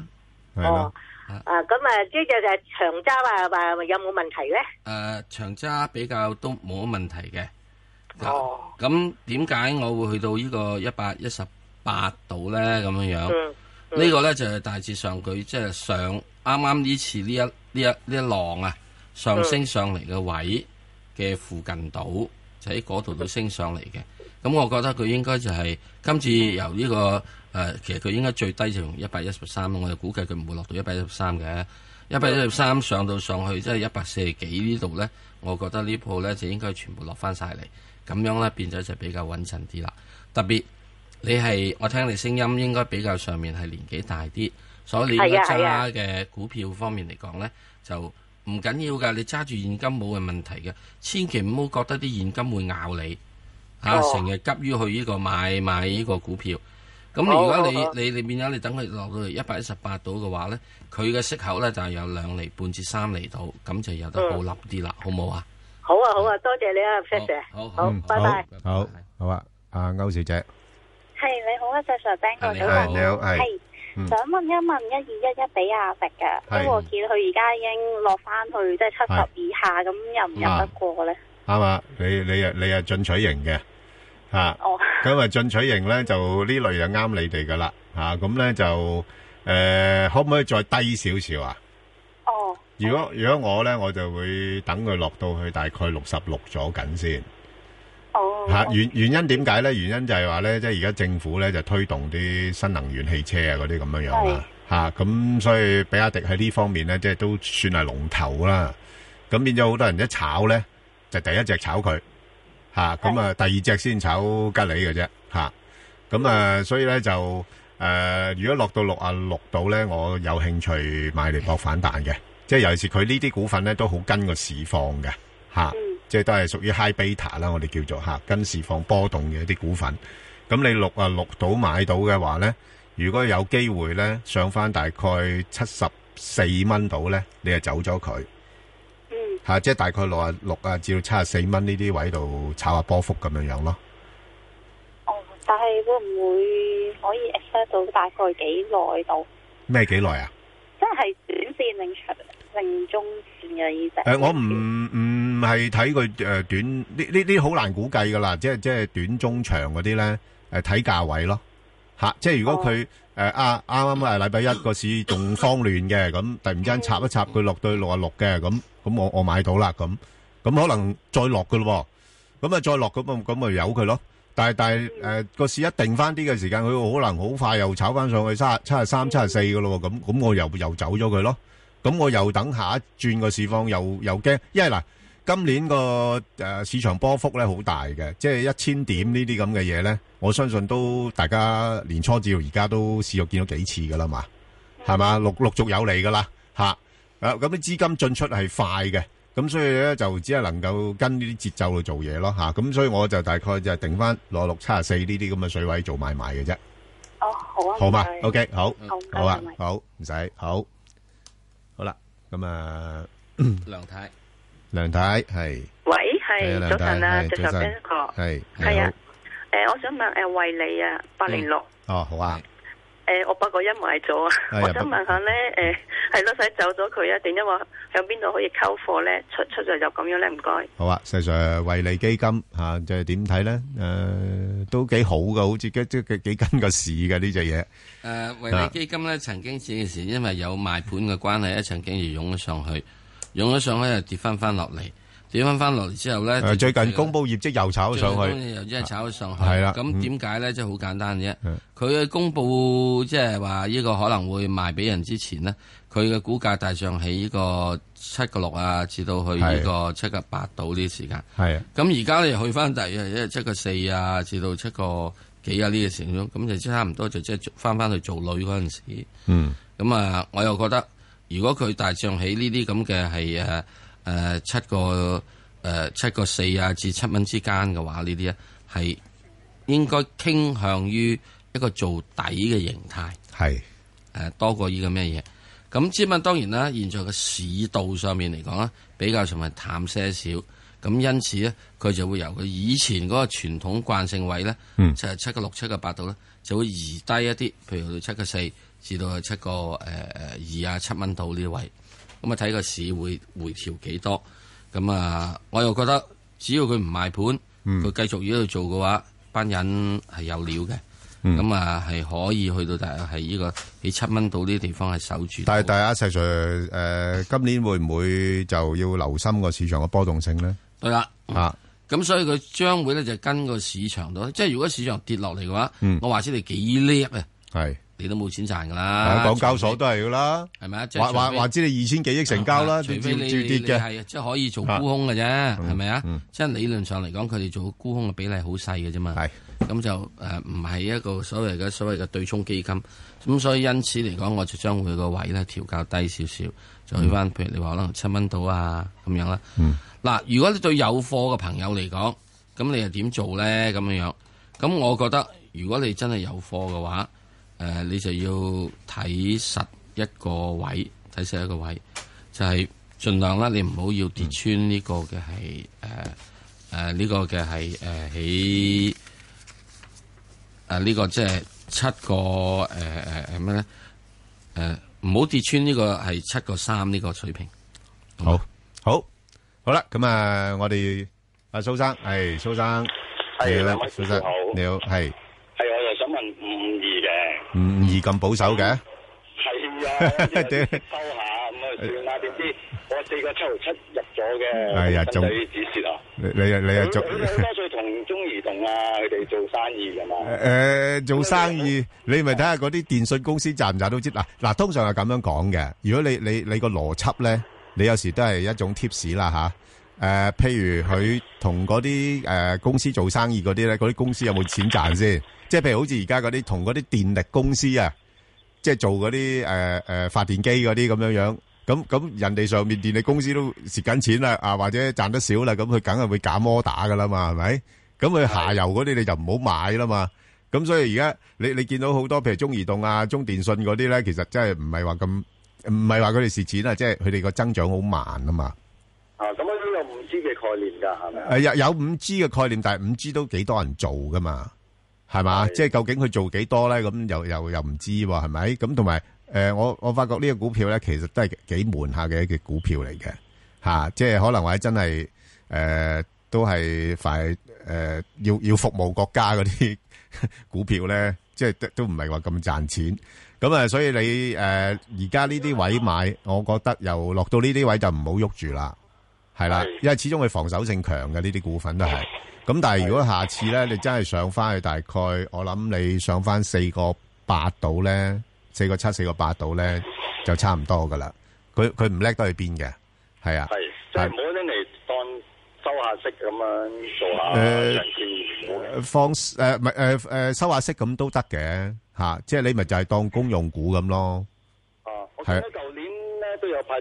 的哦，啊咁啊，即係誒長揸啊，話有冇問題咧？誒、啊，長揸比較都冇乜問題嘅。哦，咁點解我會去到個呢、嗯嗯、個一百一十八度咧？咁樣樣，呢個咧就係、是、大致上佢即係上啱啱呢次呢一呢一呢一浪啊上升上嚟嘅位嘅附近度，嗯、就喺嗰度都升上嚟嘅。咁、嗯、我覺得佢應該就係、是、今次由呢、這個誒、呃，其實佢應該最低就從一百一十三，我哋估計佢唔會落到一百一十三嘅，一百一十三上到上去即係一百四十幾呢度呢。我覺得呢鋪呢，就應該全部落翻晒嚟，咁樣呢，變咗就比較穩陣啲啦。特別你係我聽你聲音應該比較上面係年紀大啲，所以你揸嘅股票方面嚟講呢，就唔緊要㗎，你揸住現金冇嘅問題嘅，千祈唔好覺得啲現金會咬你。啊！成日急於去呢個買買呢個股票，咁如果你你你變咗你等佢落去一百一十八度嘅話咧，佢嘅息口咧就係有兩厘半至三厘度，咁就有得好笠啲啦，好唔好啊？好啊好啊，多謝你啊，Fisher，好，好，拜拜，好好啊，阿歐小姐，係你好啊，謝 Sir Ben，你好，你好，係，想問一問一二一一比亞迪嘅，不過見佢而家已經落翻去即係七十以下，咁入唔入得過咧？啱啊，你你啊你啊進取型嘅。啊，咁啊進取型咧就呢類就啱你哋噶啦，啊咁咧就誒、呃、可唔可以再低少少啊？哦、oh.，如果如果我咧，我就會等佢落到去大概六十六咗緊先。哦、oh. 啊，吓原原因點解咧？原因就係話咧，即係而家政府咧就推動啲新能源汽車是啊嗰啲咁樣樣啦，吓咁所以比亞迪喺呢方面咧，即係都算係龍頭啦。咁變咗好多人一炒咧，就第一隻炒佢。吓，咁啊的第二隻先炒吉利嘅啫，吓、啊，咁啊、嗯、所以咧就誒、呃，如果落到六啊六度咧，我有興趣買嚟博反彈嘅。 即係尤其是佢呢啲股份咧都好跟個市況嘅，吓、啊，嗯、即係都係屬於 high beta 啦，我哋叫做吓、啊、跟市況波動嘅一啲股份。咁你六啊六度買到嘅話咧，如果有機會咧上翻，大概七十四蚊度咧，你就走咗佢。吓，即係大概六啊六啊至到七十四蚊呢啲位度炒下波幅咁樣樣咯。哦，但係會唔會可以 expect 到大概幾耐到？咩幾耐啊？即係短綫定長定中綫嘅意思？誒、呃，我唔唔係睇佢誒短，呢呢啲好難估計噶啦。即係即係短中長嗰啲咧，誒睇價位咯。吓，即係如果佢誒啊啱啱啊禮拜一個市仲慌亂嘅，咁突然間插一插佢落對六啊六嘅咁。咁我、嗯、我買到啦，咁咁可能再落嘅咯，咁啊再落咁啊咁咪由佢咯。但係但係誒個市一定翻啲嘅時間，佢可能好快又炒翻上去卅七十三、七十四嘅咯，咁咁我又又走咗佢咯。咁我又等下一轉個市況又，又又驚，因為嗱，今年個誒、呃、市場波幅咧好大嘅，即係一千點這這呢啲咁嘅嘢咧，我相信都大家年初至到而家都試過見到幾次嘅啦嘛，係嘛，陸陸續有嚟嘅啦嚇。啊啊，咁啲資金進出係快嘅，咁所以咧就只係能夠跟呢啲節奏去做嘢咯，吓，咁所以我就大概就定翻攞六七十四呢啲咁嘅水位做買賣嘅啫。哦，好啊，好嘛，OK，好，好啊，好，唔使，好好啦，咁啊，梁太，梁太係，喂，係早晨啊，早晨，係，係啊，誒，我想問誒，惠理啊，八零六，哦，好啊。誒，我八個一買咗，我想問下咧，誒不，係老細走咗佢啊，定因話向邊度可以溝貨咧？出出就就咁樣咧？唔該。好啊，石 Sir，惠理基金吓，就係點睇咧？誒、啊，都幾好噶，好似幾幾跟個市嘅呢隻嘢。誒，惠、啊、理基金咧，曾經市件因為有賣盤嘅關係，一曾經就湧咗上去，湧咗上去又跌翻翻落嚟。跌翻翻落嚟之後咧，最近公布業績又炒上去，又即係炒上去，係啦、啊。咁點解咧？即係好簡單啫。佢嘅、啊、公布即係話呢個可能會賣俾人之前咧，佢嘅股價大上起呢個七個六啊，至到去呢個七個八度呢啲時間。係啊。咁而家咧去翻第一七個四啊，至到七個、就是啊啊、個幾啊呢個程度，咁就差唔多就即係翻翻去做女嗰陣時。嗯。咁啊，我又覺得如果佢大上起呢啲咁嘅係誒。誒、呃、七個誒、呃、七個四啊至七蚊之間嘅話，呢啲咧係應該傾向於一個做底嘅形態。係誒是、呃、多過依個咩嘢？咁之問當然啦，現在嘅市道上面嚟講啦，比較上係淡些少。咁因此咧，佢就會由佢以前嗰個傳統慣性位咧，嗯、七七個六、七個八度咧，就會移低一啲，譬如去到七個四至到七個誒誒、呃、二啊七蚊度呢位。咁啊睇個市會回調幾多？咁啊，我又覺得只要佢唔賣盤，佢、嗯、繼續依度做嘅話，班人係有料嘅。咁啊、嗯，係可以去到大、這個但，但係係依個喺七蚊到呢啲地方係守住。但係大家石 Sir 誒，今年會唔會就要留心個市場嘅波動性咧？對啦了，啊，咁所以佢將會咧就跟個市場度，即係如果市場跌落嚟嘅話，嗯、我話出你幾叻啊！係。你都冇錢賺噶啦，港交所都係噶啦，係咪非啊？就是、或或或者你二千幾億成交啦，啊、除非你你係即係可以做沽空嘅啫，係咪啊？即係理論上嚟講，佢哋做沽空嘅比例好細嘅啫嘛。係咁、嗯、就誒唔係一個所謂嘅所謂嘅對沖基金咁，所以因此嚟講，我就將佢個位咧調校低少少，就去翻，譬如你話可能七蚊到啊咁樣、嗯、啦。嗱，如果你對有貨嘅朋友嚟講，咁你又點做咧？咁樣樣咁，我覺得如果你真係有貨嘅話。誒、呃，你就要睇實一個位，睇實一個位，就係、是、盡量啦，你唔好要，要跌穿呢個嘅係誒誒呢個嘅係誒起誒呢個即係七個誒誒誒咩咧？誒唔好跌穿呢個係七個三呢個水平。好，嗎好，好，好啦，咁啊，我哋阿蘇生，係蘇生，係蘇的生，你好，你好，係。唔易咁保守嘅，係啊，收下咁啊算下點知我四個七毫七入咗嘅，係啊，仲止蝕啊，你你你啊做多謝同中移動啊，佢哋做生意噶嘛，誒，做生意，你咪睇下嗰啲電信公司賺唔賺都知，嗱嗱，通常係咁樣講嘅。如果你你你個邏輯咧，你有時都係一種 tips 啦吓。誒，譬如佢同嗰啲誒公司做生意嗰啲咧，嗰啲公司有冇錢賺先？即係譬如好似而家嗰啲同嗰啲電力公司啊，即係做嗰啲誒誒發電機嗰啲咁樣樣，咁咁人哋上面電力公司都蝕緊錢啦，啊或者賺得少啦，咁佢梗係會減摩打噶啦嘛，係咪？咁佢下游嗰啲你就唔好買啦嘛。咁所以而家你你見到好多譬如中移動啊、中電信嗰啲咧，其實真係唔係話咁唔係話佢哋蝕錢啊，即係佢哋個增長好慢啊嘛。啊，咁樣都有五 G 嘅概念噶，係咪？誒有有五 G 嘅概念，但係五 G 都幾多人做噶嘛。係嘛？即係究竟佢做幾多咧？咁又又又唔知係咪？咁同埋誒，我我發覺呢個股票咧，其實都係幾悶下嘅一隻股票嚟嘅吓。即係可能或者真係誒、呃，都係快誒，要要服務國家嗰啲股票咧，即係都都唔係話咁賺錢。咁啊，所以你誒而家呢啲位買，我覺得又落到呢啲位就唔好喐住啦，係啦，因為始終佢防守性強嘅呢啲股份都係。咁但係如果下次咧，你真係上返去大概，我諗你上返四個八度咧，四個七、四個八度咧，就差唔多㗎喇。佢佢唔叻得去邊嘅，係啊，係即係冇得嚟當收下息咁樣做下，誒、呃、放誒唔係誒誒收下息咁都得嘅吓，即係你咪就係當公用股咁咯。係、啊。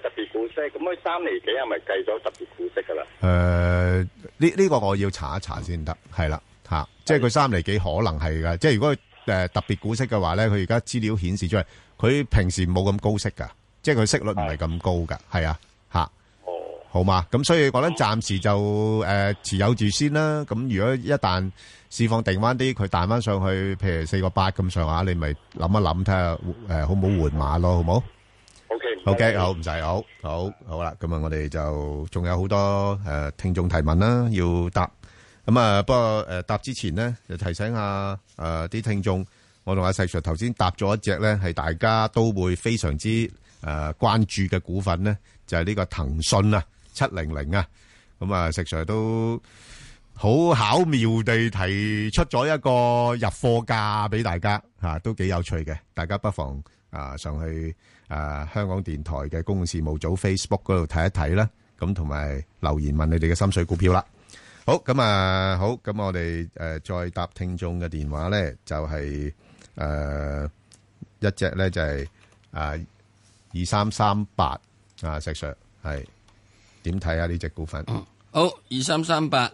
特別股息，咁佢三厘幾係咪計咗特別股息噶啦？誒，呢呢個我要查一查先得，係啦，吓，即係佢三厘幾可能係噶，即係如果誒、呃、特別股息嘅話咧，佢而家資料顯示出嚟，佢平時冇咁高息噶，即係佢息率唔係咁高噶，係啊，吓，哦，好嘛，咁所以講緊暫時就誒、呃、持有住先啦，咁如果一旦釋放定翻啲，佢彈翻上去，譬如四個八咁上下，你咪諗一諗睇下誒好唔好換馬咯，嗯、好唔好？OK，好唔使，好好好啦。咁啊，我哋就仲有好多誒聽眾提問啦，要答。咁啊，不過誒答之前咧，就提醒下誒啲聽眾，我同阿石 Sir 頭先答咗一隻咧，係大家都會非常之誒關注嘅股份咧，就係呢個騰訊啊，七零零啊。咁啊，石 Sir 都好巧妙地提出咗一個入貨價俾大家吓，都幾有趣嘅。大家不妨啊上去。誒，香港電台嘅公共事務組 Facebook 嗰度睇一睇啦，咁同埋留言問你哋嘅心水股票啦。好咁啊，好咁，我哋誒再答聽眾嘅電話咧，就係誒一隻咧就係啊二三三八啊，石 sir 係點睇啊？呢隻股份好二三三八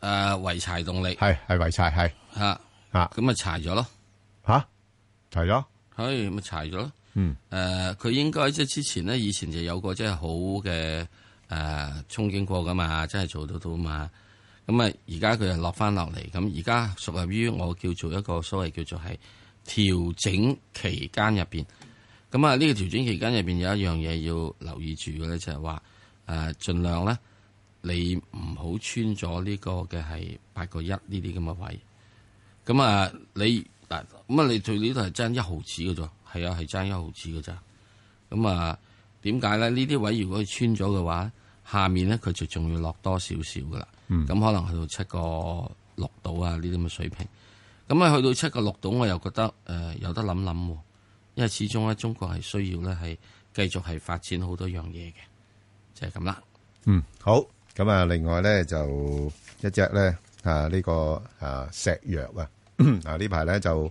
誒，維柴動力係係維柴係啊啊，咁咪柴咗咯吓，柴咗，係咪柴咗。 嗯，誒、呃，佢應該即係之前咧，以前就有個即係好嘅誒、衝、呃、憧憬噶嘛，真係做到到嘛。咁啊，而家佢就落翻落嚟，咁而家屬於於我叫做一個所謂叫做係調整期間入邊。咁啊，呢、這個調整期間入邊有一樣嘢要留意住嘅咧，就係話誒，盡、呃、量咧你唔好穿咗呢個嘅係八個一呢啲咁嘅位。咁啊，你嗱咁啊，你做呢度係爭一毫子嘅啫。係啊，係爭一毫子㗎咋？咁啊，點解咧？呢啲位如果佢穿咗嘅話，下面咧佢就仲要落多少少噶啦。咁、嗯、可能去到七個六度啊，呢啲咁嘅水平。咁啊，去到七個六度，我又覺得誒、呃、有得諗諗、啊。因為始終咧，中國係需要咧係繼續係發展好多樣嘢嘅，就係咁啦。嗯，好。咁啊，另外咧就一隻咧啊，呢個啊石藥啊，啊呢排咧就。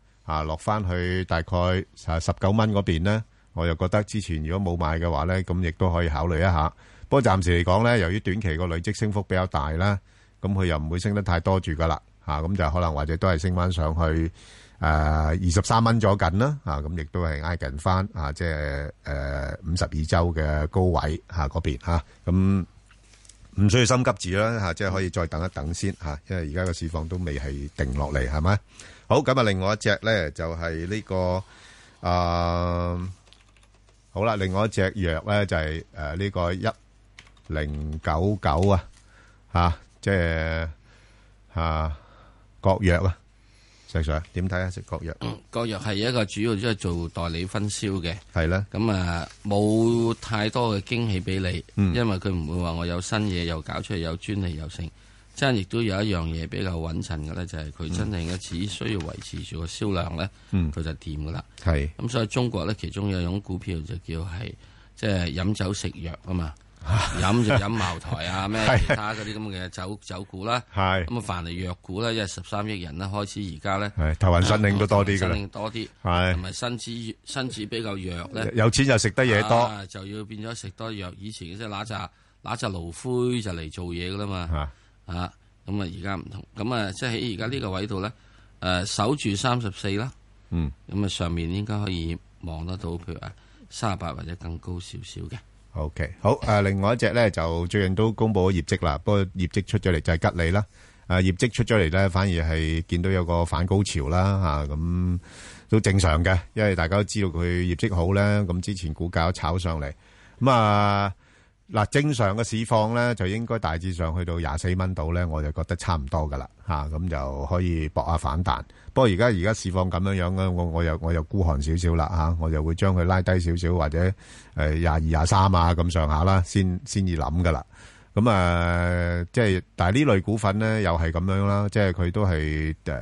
啊，落翻去大概十九蚊嗰邊咧，我又覺得之前如果冇買嘅話咧，咁亦都可以考慮一下。不過暫時嚟講咧，由於短期個累積升幅比較大啦，咁佢又唔會升得太多住噶啦。吓，咁就可能或者都係升翻上去誒二十三蚊左近啦。吓、呃，咁亦、啊、都係挨近翻啊，即係誒五十二周嘅高位吓嗰邊吓，咁、啊、唔、啊、需要心急住啦吓，即係可以再等一等先吓、啊，因為而家個市況都未係定落嚟係咪？好咁啊！另外一隻咧就係呢個誒，好啦，另外一隻藥咧就係誒呢個一零九九啊，吓即係啊國藥啊，石 Sir 點睇啊？食國藥？國藥係一個主要即係做代理分銷嘅，係啦。咁啊，冇太多嘅驚喜俾你，因為佢唔會話我有新嘢又搞出嚟，有專利又剩。真係亦都有一樣嘢比較穩陣嘅咧，就係、是、佢真正嘅只需要維持住個銷量咧，佢、嗯、就掂嘅啦。係咁是、嗯，所以中國咧，其中有一種股票就叫係即係飲酒食藥啊嘛， 飲就飲茅台啊，咩其他嗰啲咁嘅酒 酒股啦。係咁啊，凡係藥股咧，因為十三億人咧，開始而家咧，頭暈身㷫都多啲嘅啦。身㷫，多啲同埋身子身子比較弱咧？有錢就食得嘢多，啊，就要變咗食多藥。以前嘅即係嗱扎嗱扎爐灰就嚟做嘢嘅啦嘛。 啊，咁啊，而家唔同，咁啊，即係喺而家呢個位度咧，誒、啊，守住三十四啦，嗯，咁啊，上面應該可以望得到，譬如話三十八或者更高少少嘅。OK，好，誒、啊，另外一隻咧就最近都公布咗業績啦，不過業績出咗嚟就係吉利啦，啊，業績出咗嚟咧反而係見到有個反高潮啦，吓、啊，咁、啊、都正常嘅，因為大家都知道佢業績好啦。咁之前股價炒上嚟，咁啊。嗱，正常嘅市況咧，就應該大致上去到廿四蚊度咧，我就覺得差唔多噶啦嚇，咁、啊、就可以搏下反彈。不過而家而家市況咁樣樣咧，我我又我又孤寒少少啦嚇、啊，我就會將佢拉低少少或者誒廿二、廿三啊咁上下啦，先先至諗噶啦。咁啊，即、就、係、是、但係呢類股份咧，又係咁樣啦，即係佢都係誒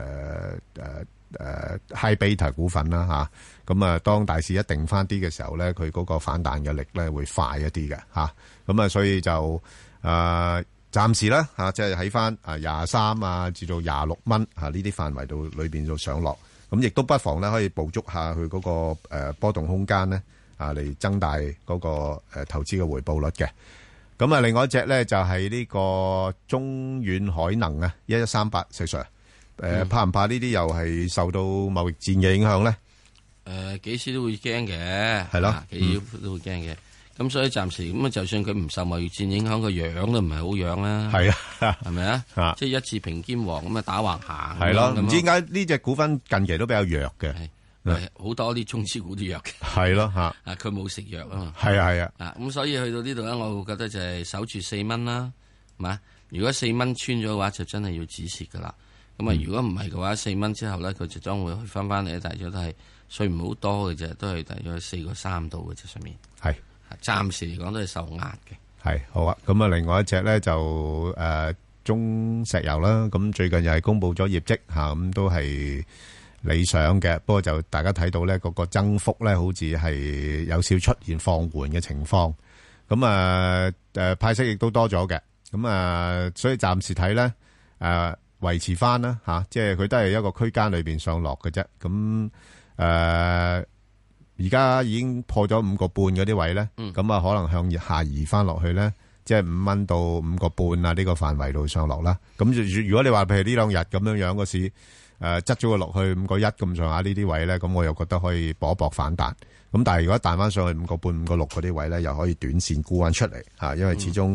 誒誒 high beta 股份啦嚇。咁啊，啊，啊，當大市一定翻啲嘅時候咧，佢嗰個反彈嘅力咧會快一啲嘅嚇。啊咁啊，所以就誒，暫時咧吓，即係喺翻啊廿三啊至到廿六蚊吓呢啲範圍度裏邊就上落，咁亦都不妨咧可以捕捉下佢嗰個誒波動空間咧啊嚟，增大嗰個誒投資嘅回報率嘅。咁啊，另外一隻咧就係呢個中遠海能啊，一一三八，Sir，誒，怕唔怕呢啲又係受到貿易戰嘅影響咧？誒，幾時都會驚嘅，係咯，幾時都會驚嘅。咁所以暫時咁啊，就算佢唔受貿易戰影響，個樣都唔係好樣啦。係啊，係咪吧啊？即係一次平肩橫咁啊，打橫行。係咯、啊。咁點解呢隻股份近期都比較弱嘅？係是，好多啲中資股都弱嘅。係咯，嚇。啊，佢冇食藥啊嘛。係啊，係啊。咁、啊、所以去到呢度咧，我覺得就係守住四蚊啦。係嘛？如果四蚊穿咗嘅話，就真係要止蝕噶啦。咁啊、嗯，如果唔係嘅話，四蚊之後咧，佢就將會去翻翻嚟，大約都係雖然唔好多嘅啫，都係大約四個三度嘅啫上面。係。暫時嚟講都係受壓嘅，係好啊。咁啊，另外一隻咧就誒、呃、中石油啦。咁最近又係公布咗業績吓，咁、啊、都係理想嘅。不過就大家睇到咧，嗰個增幅咧，好似係有少少出現放緩嘅情況。咁啊誒、啊、派息亦都多咗嘅。咁啊，所以暫時睇咧誒維持返啦吓，即係佢都係一個區間裏邊上落嘅啫。咁、啊、誒。啊而家已經破咗五個半嗰啲位咧，咁啊、嗯、可能向下移翻落去咧，即係五蚊到五個半啊呢個範圍度上落啦。咁如如果你話譬如呢兩日咁樣樣個市誒執咗佢落去五個一咁上下呢啲位咧，咁我又覺得可以搏一搏反彈。咁但係如果彈翻上去五個半、五個六嗰啲位咧，又可以短線沽翻出嚟吓，因為始終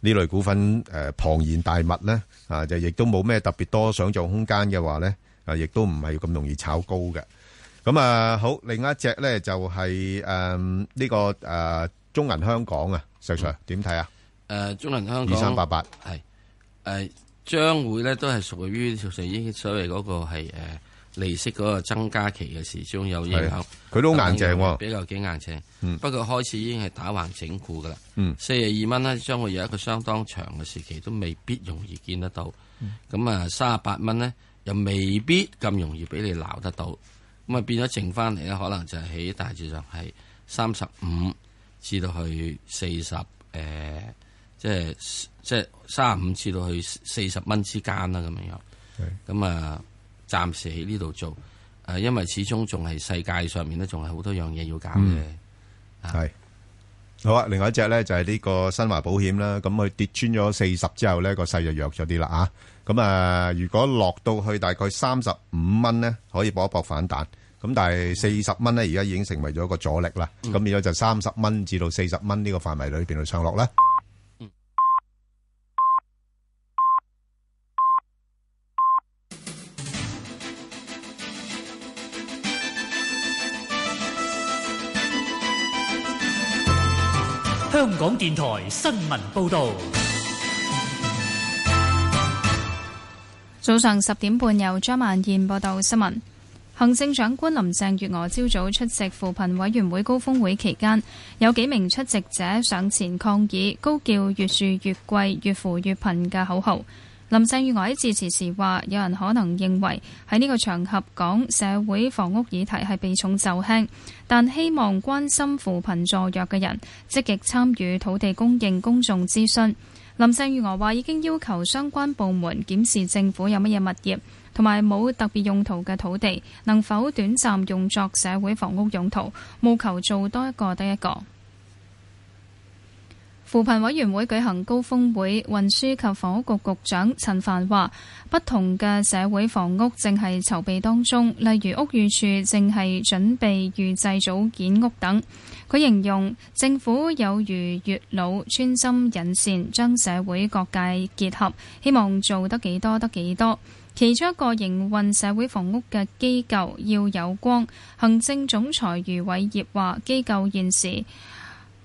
呢類股份誒、呃、龐然大物咧啊，就、呃、亦都冇咩特別多想像空間嘅話咧啊，亦、呃、都唔係咁容易炒高嘅。咁啊，好另一隻咧就係誒呢個誒、呃、中銀香港啊，石 Sir 點睇啊？誒、呃，中銀香港二三八八係誒，將會咧都係屬於石 Sir 所謂嗰個係誒、呃、利息嗰個增加期嘅時中有影響，佢都好硬淨、哦，比較幾硬淨。嗯、不過開始已經係打橫整固噶啦。四十二蚊咧將會有一個相當長嘅時期都未必容易見得到。咁啊、嗯，三十八蚊咧又未必咁容易俾你撈得到。咁啊，變咗剩翻嚟咧，可能就係喺大致上係三十五至到去四十，誒，即係即係三十五至到去四十蚊之間啦，咁樣樣。咁啊是，暫時喺呢度做，誒、呃，因為始終仲係世界上面咧，仲係好多樣嘢要揀嘅。係、嗯啊。好啊，另外一隻咧就係、是、呢個新華保險啦。咁佢跌穿咗四十之後咧，個勢就弱咗啲啦啊。咁啊，如果落到去大概三十五蚊咧，可以搏一搏反彈。咁但係四十蚊呢，而家已經成為咗一個阻力啦。咁，而家就三十蚊至到四十蚊呢個範圍裏邊去上落啦。香港電台新聞報道，早上十點半由張曼燕報道新聞。行政長官林鄭月娥朝早出席扶貧委員會高峰會期間，有幾名出席者上前抗議，高叫越住越貴、越扶越貧嘅口號。林鄭月娥喺致辭時話：有人可能認為喺呢個場合講社會房屋議題係避重就輕，但希望關心扶貧助弱嘅人積極參與土地供應公眾諮詢。林鄭月娥話已經要求相關部門檢視政府有乜嘢物業，同埋冇特別用途嘅土地，能否短暫用作社會房屋用途？務求做多一個得一個。扶貧委員會舉行高峰會，運輸及房屋局局長陳帆話：不同嘅社會房屋正係籌備當中，例如屋宇處正係準備預製組件屋等。佢形容政府有如月老穿針引線，將社會各界結合，希望做得幾多得幾多。其中一個營運社會房屋嘅機構要有光，行政總裁余偉業話，機構現時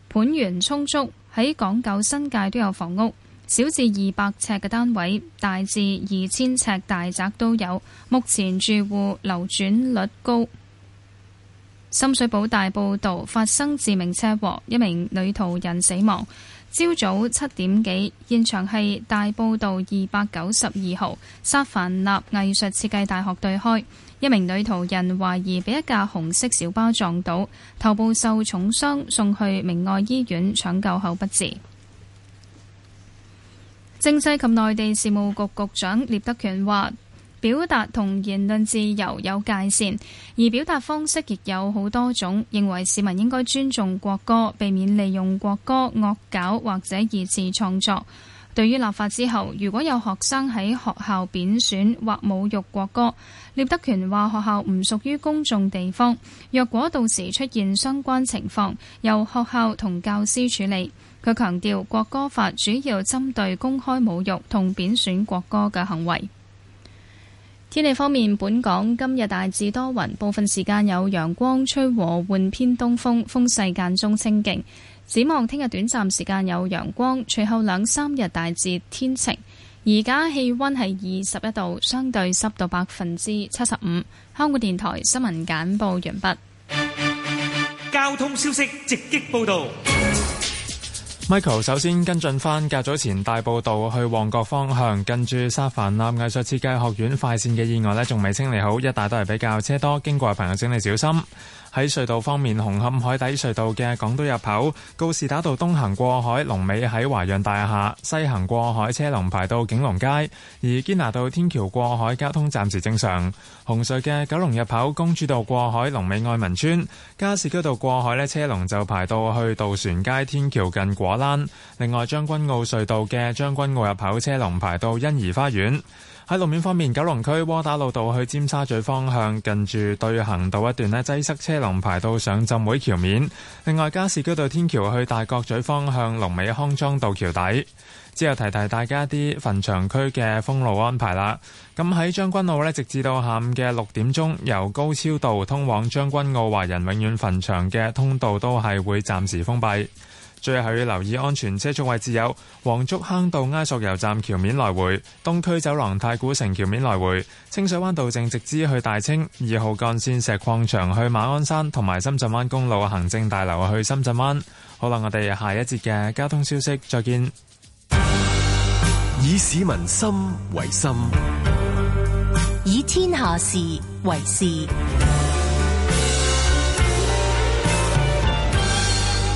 盤源充足，喺港九新界都有房屋，小至二百尺嘅單位，大至二千尺大宅都有。目前住戶流轉率高。深水埗大埔道發生致命車禍，一名女途人死亡。朝早七點幾，現場係大埔道二百九十二號沙凡納藝術設計大學對開，一名女途人懷疑畀一架紅色小巴撞倒，頭部受重傷，送去明愛醫院搶救後不治。政制及內地事務局局，局長聶德權話。表達同言論自由有界線，而表達方式亦有好多種。認為市民應該尊重國歌，避免利用國歌惡搞或者二次創作。對於立法之後，如果有學生喺學校貶損或侮辱國歌，聶德權話：學校唔屬於公眾地方，若果到時出現相關情況，由學校同教師處理。佢強調，國歌法主要針對公開侮辱同貶損國歌嘅行為。天氣方面，本港今日大致多雲，部分時間有陽光，吹和緩偏東風，風勢間中清勁。展望聽日短暫時間有陽光，隨後兩三日大致天晴。而家氣溫係二十一度，相對濕度百分之七十五。香港電台新聞簡報完，完畢。交通消息直擊報道。Michael 首先跟進返較早前大埔道去旺角方向，近住薩凡納藝術設計學院快線嘅意外呢，仲未清理好，一帶都係比較車多，經過嘅朋友請你小心。喺隧道方面，紅磡海底隧道嘅港島入口，告士打道東行過海，龍尾喺華潤大廈；西行過海，車龍排到景隆街。而堅拿道天橋過海，交通暫時正常。紅隧嘅九龍入口，公主道過海，龍尾愛民村；加士居道過海咧，車龍就排到去渡船街天橋近廣。馬。另外，將軍澳隧道嘅將軍澳入口車龍排到欣怡花園。喺路面方面，九龍區窩打老道去尖沙咀方向近住對行道一段呢擠塞車龍排到上浸會橋面。另外，加士居道天橋去大角咀方向龍尾康莊道橋底。之後提提大家啲墳場區嘅封路安排啦。咁喺將軍澳呢，直至到下午嘅六點鐘，由高超道通往將軍澳華人永遠墳場嘅通道都係會暫時封閉。最後要留意安全車速位置有，黃竹坑道埃索油站橋面來回，東區走廊太古城橋面來回，清水灣道正直之去大清二號幹線石礦場去馬鞍山，同埋深圳灣公路行政大樓去深圳灣。好啦，我哋下一節嘅交通消息，再見。以市民心為心，以天下事為事。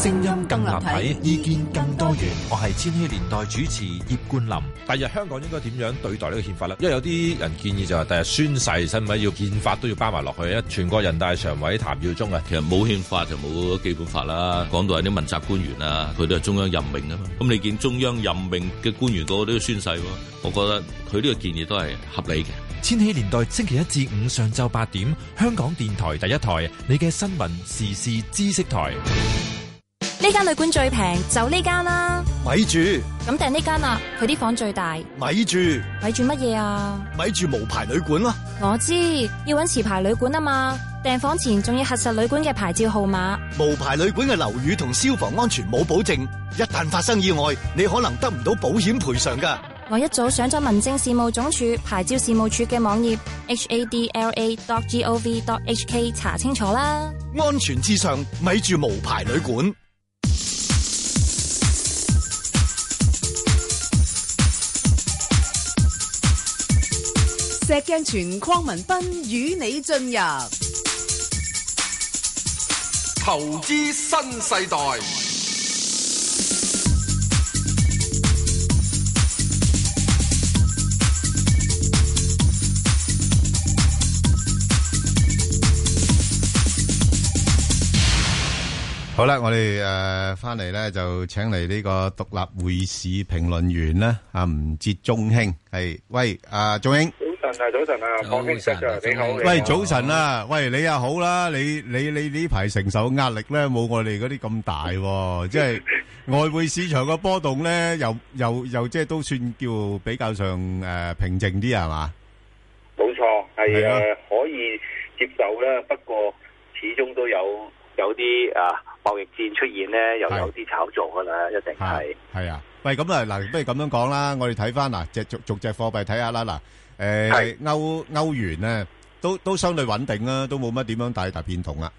聲音更立體，意見更多元。我係千禧年代主持葉冠霖。第日香港應該點樣對待呢個憲法咧？因為有啲人建議就係、是，第日宣誓新聞要憲法都要包埋落去。全國人大常委譚耀宗啊，其實冇憲法就冇基本法啦。講到係啲問責官員啊，佢都係中央任命噶嘛。咁你見中央任命嘅官員、那個個都要宣誓，我覺得佢呢個建議都係合理嘅。千禧年代星期一至五上晝八點，香港電台第一台，你嘅新聞時事知識台。呢間旅館最平，就呢間啦。咪住，咁訂呢間啦，佢啲房最大。咪住，咪住乜嘢啊？咪住無牌旅館咯。我知，要揾持牌旅館啊嘛。訂房前仲要核實旅館嘅牌照號碼。無牌旅館嘅樓宇同消防安全冇保證，一旦發生意外，你可能得唔到保險賠償噶。我一早上咗民政事務總署牌照事務處嘅網頁，hadla.gov.hk 查清楚啦。安全至上，咪住無牌旅館。石鏡泉、鄺民彬與你進入投資新世代。好啦，我哋誒翻嚟咧，就請嚟呢個獨立匯市評論員咧啊，吳哲中興係喂啊，中英。早晨啊，早晨啊，鄺先生，你好。喂，早晨啊，喂，你又好啦。你你你呢排承受壓力咧，冇我哋嗰啲咁大喎，即係外匯市場個波動咧，又又又即係都算叫比較上誒平靜啲，係嘛？冇錯，係誒可以接受啦。不過始終都有有啲啊貿易戰出現咧，又有啲炒作噶啦，一定係係啊。喂，咁啊嗱，不如咁樣講啦，我哋睇翻嗱，只逐逐隻貨幣睇下啦嗱。誒，歐歐、呃、是元咧都都相對穩定啦，都冇乜點樣大大變動啦。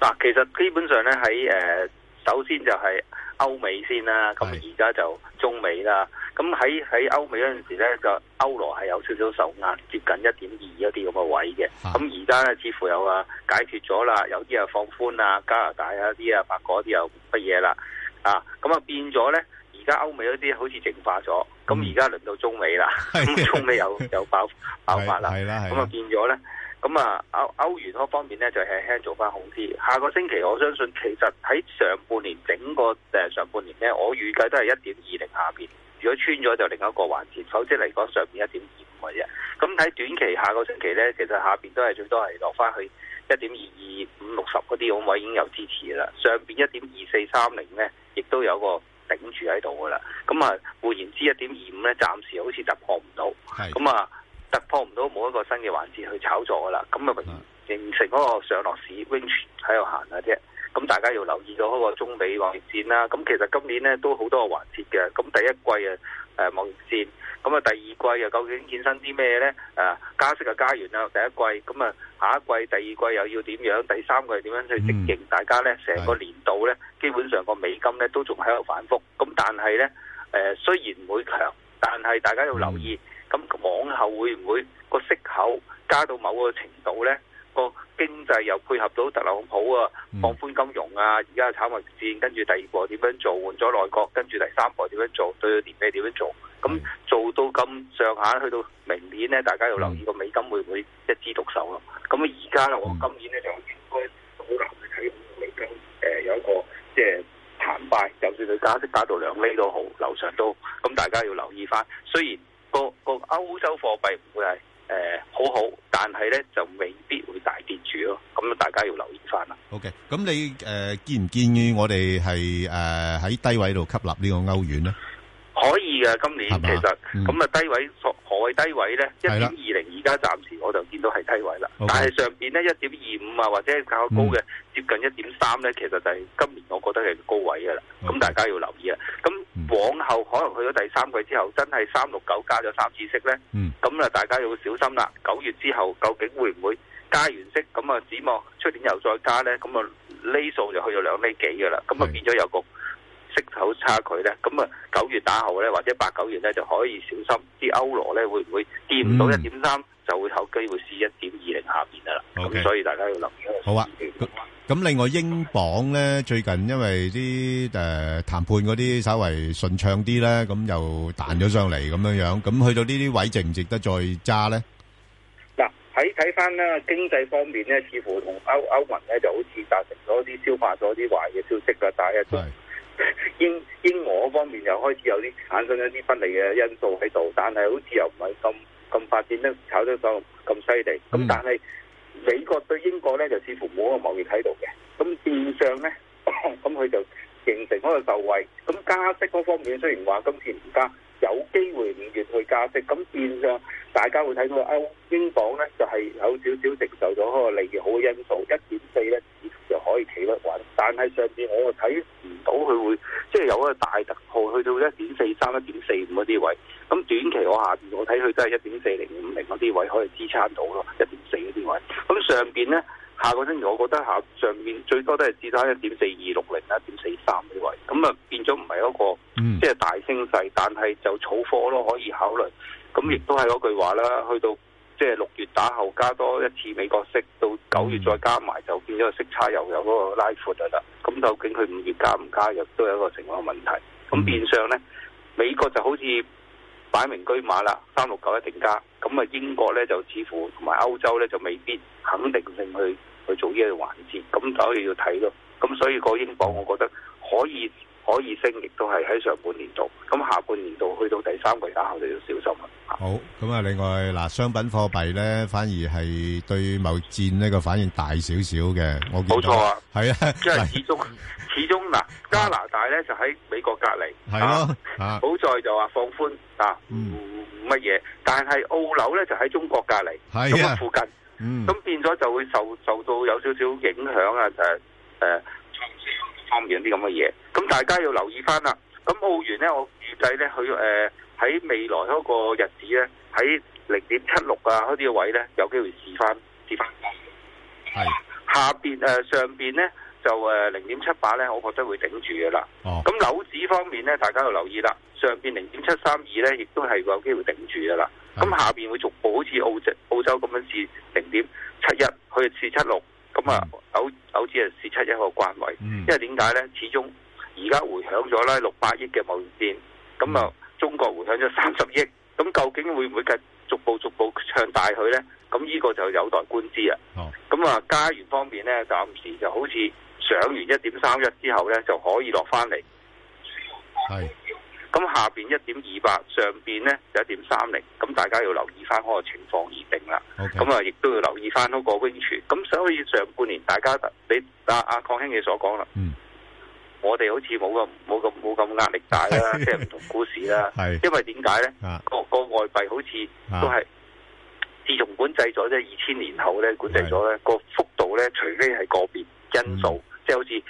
嗱，其實基本上咧喺誒，首先就係歐美先啦，咁而家就中美啦。咁喺喺歐美嗰陣時咧，就歐羅係有少少受壓，接近一點二一啲咁嘅位嘅。咁而家咧，似乎有啊，解決咗啦，有啲又放寬啊，加拿大啊啲啊，法國啲又乜嘢啦，啊，咁啊變咗咧。而家歐美嗰啲好似淨化咗，咁而家輪到中美啦，咁的中美又 又爆爆發啦，咁啊變咗咧，咁啊歐歐元嗰方面咧就輕輕做翻好啲。下個星期我相信其實喺上半年整個誒、呃、上半年咧，我預計都係一點二零下邊，如果穿咗就另一個環節，否則嚟講上邊一點二五嘅啫。咁喺短期下個星期咧，其實下邊都係最多係落翻去一點二二五六十嗰啲位已經有支持啦。上邊一點二四三零咧，亦都有個頂住喺度噶啦，咁啊，換言之，一點二五咧，暫時好似突破唔到，咁的啊，突破唔到冇一個新嘅環節去炒作噶啦，咁啊，形成嗰個上落市 range 喺度行下啫，咁大家要留意到嗰個中美網戰啦，咁其實今年咧都好多個環節嘅，咁第一季啊，誒、呃、貿易戰。咁啊，第二季又究竟衍生啲咩呢？誒、啊，加息啊，加完啦，第一季，咁、嗯、啊，嗯、下一季、第二季又要點樣？第三季點樣去適應大家呢？成個年度呢，的基本上個美金呢都仲喺度反覆。咁、嗯、但係呢，誒、呃、雖然唔會強，但係大家要留意，咁往後會唔會個息口加到某個程度呢？個經濟又配合到特朗普啊，放寬金融啊，而家炒雲線，跟住第二步點樣做？換咗內閣，跟住第三步點樣做？對個年尾點樣做？咁、嗯嗯、做到咁上下，去到明年咧，大家要留意個美金會唔會一枝獨秀咯？咁而家啦，我今年咧、嗯呃、就應該好難去睇美金誒有個即係慘敗，就算佢加息加到兩厘都好，樓上都好，大家要留意翻。雖然個個歐洲貨幣唔會係誒好好，但係咧就未必會大跌住咯。咁大家要留意翻啦。OK，咁你誒、呃、建唔建議我哋係誒喺低位度吸納呢個歐元咧？可以嘅，今年吧其實咁啊，嗯、低位何謂低位呢一點二零，而家是的 暫時我就見到係低位啦。Okay 但係上邊呢一點二五啊，或者較高嘅、嗯、接近一點三呢，其實就係今年我覺得係高位嘅啦。咁 Okay 大家要留意啊！咁往後可能去到第三季之後，真係三六九加咗三次息呢。咁啊，大家要小心啦。九月之後究竟會唔會加完息？咁啊，指望出年又再加呢？咁啊，呢數就去到兩釐幾嘅啦，咁啊，變咗有個。息口差距咧，咁啊，九月打後咧，或者八九月咧，就可以小心啲歐羅咧，會唔會跌唔到一點三，就會有機會試一點二零下邊啊啦。咁所以大家要留意。好啊。咁另外英鎊咧，最近因為啲誒談判嗰啲稍微順暢啲咧，咁又彈咗上嚟，咁樣樣，咁去到呢啲位值唔值得再揸咧？嗱，睇睇翻，咧經濟方面咧，似乎同歐歐盟咧就好似達成咗啲消化咗啲壞嘅消息嘅第一組。英英俄方面又開始有啲產生一啲不利嘅因素喺度，但係好似又唔係咁咁發展得炒得咁咁犀利。咁、嗯、但係美國對英國咧就似乎冇一個貿易喺度嘅，咁變相咧咁佢就。形成嗰個受惠，咁加息嗰方面雖然話今次唔加，有機會五月去加息，咁變相大家會睇到歐英行咧就係、是、有少少承受咗嗰個利益好嘅因素，一點四咧，似乎就可以企得穩，但係上邊我睇唔到佢會即係、就是、有一個大突破，去到一點四三、一點四五嗰啲位，咁短期我下邊我睇佢都係一點四零、五零嗰啲位可以支撐到咯，一點四嗰啲位，咁上邊咧。下個星期我覺得下上面最多都係止於一點四二六零、一點四三呢位，咁啊變咗唔係一個、嗯、即係大升勢，但係就炒貨咯可以考慮。咁亦都係嗰句話啦，去到即係六月打後加多一次美國息，到九月再加埋就變咗個息差又有嗰個拉闊就得。咁究竟佢五月加唔加，亦都係一個情況問題。咁變相呢，美國就好似擺明車馬啦，三六九一定加。咁啊英國呢，就似乎同埋歐洲呢，就未必肯定性去去做呢個環節，咁所以要睇咯。咁所以個英鎊，我覺得可以可以升，亦都係喺上半年度。咁下半年度去到第三季，打後就要小心啦。好。咁啊，另外嗱，商品貨幣咧，反而係對貿易戰呢個反應大少少嘅。我見到冇錯啊，係啊，因為始終始終嗱，加拿大咧就喺美國隔籬，係咯。好在就話放寬啊，唔乜嘢。但係澳樓咧就喺中國隔籬，咁啊附近。嗯，咁變咗就會受受到有少少影響啊！就係誒，創、嗯、方面啲咁嘅嘢，咁大家要留意翻啦。咁澳元咧，我預計咧，佢誒喺未來嗰個日子咧，喺零點七六啊，嗰啲位咧，有機會試翻試翻。係是下邊誒、呃，上邊咧就誒零點七八咧，我覺得會頂住噶啦。哦，咁樓指方面咧，大家要留意啦。上邊零點七三二咧，亦都係有機會頂住噶啦。咁、嗯、下邊會逐步好似澳洲澳洲咁樣至零點七一，去至七六，咁啊偶偶只係試七一個關位，慣嗯、因為點解呢？始終而家回響咗呢六百億嘅貿易戰，咁啊中國回響咗三十億，咁究竟會唔會繼續逐步逐步唱大佢呢？咁呢個就有待觀之啊！咁啊、哦，加元方面呢，暫時就好似上完一點三一之後呢，就可以落翻嚟，係、嗯。咁下邊一點二八，上邊咧就一點三零，咁大家要留意翻嗰個情況而定啦。咁啊，亦都要留意翻嗰個溫泉。咁所以上半年大家你阿阿鄺兄嘅所講啦，嗯、我哋好似冇咁冇咁冇咁壓力大啦，即係唔同股市啦。係 是，因為點解咧？個個外幣好似都係自從管制咗咧二千年後咧，管制咗咧是個幅度咧，除非係個別因素，嗯、即係好似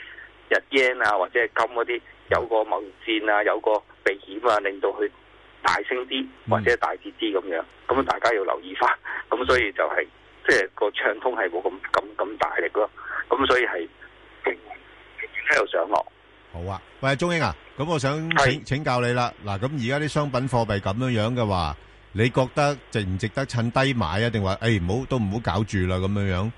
日 yen 啊或者係金嗰啲。有個貿易戰啊，有個避險啊，令到佢大升啲、嗯、或者大跌啲咁樣。咁啊，大家要留意返。咁所以就係、是、即係個暢通係冇咁咁咁大力咯。咁所以係勁喺度上落。好啊，喂，鐘英啊，咁我想請，是請教你啦。嗱，咁而家啲商品貨幣咁樣樣嘅話，你覺得值唔值得趁低買啊？定話誒唔好都唔好搞住啦？咁樣樣，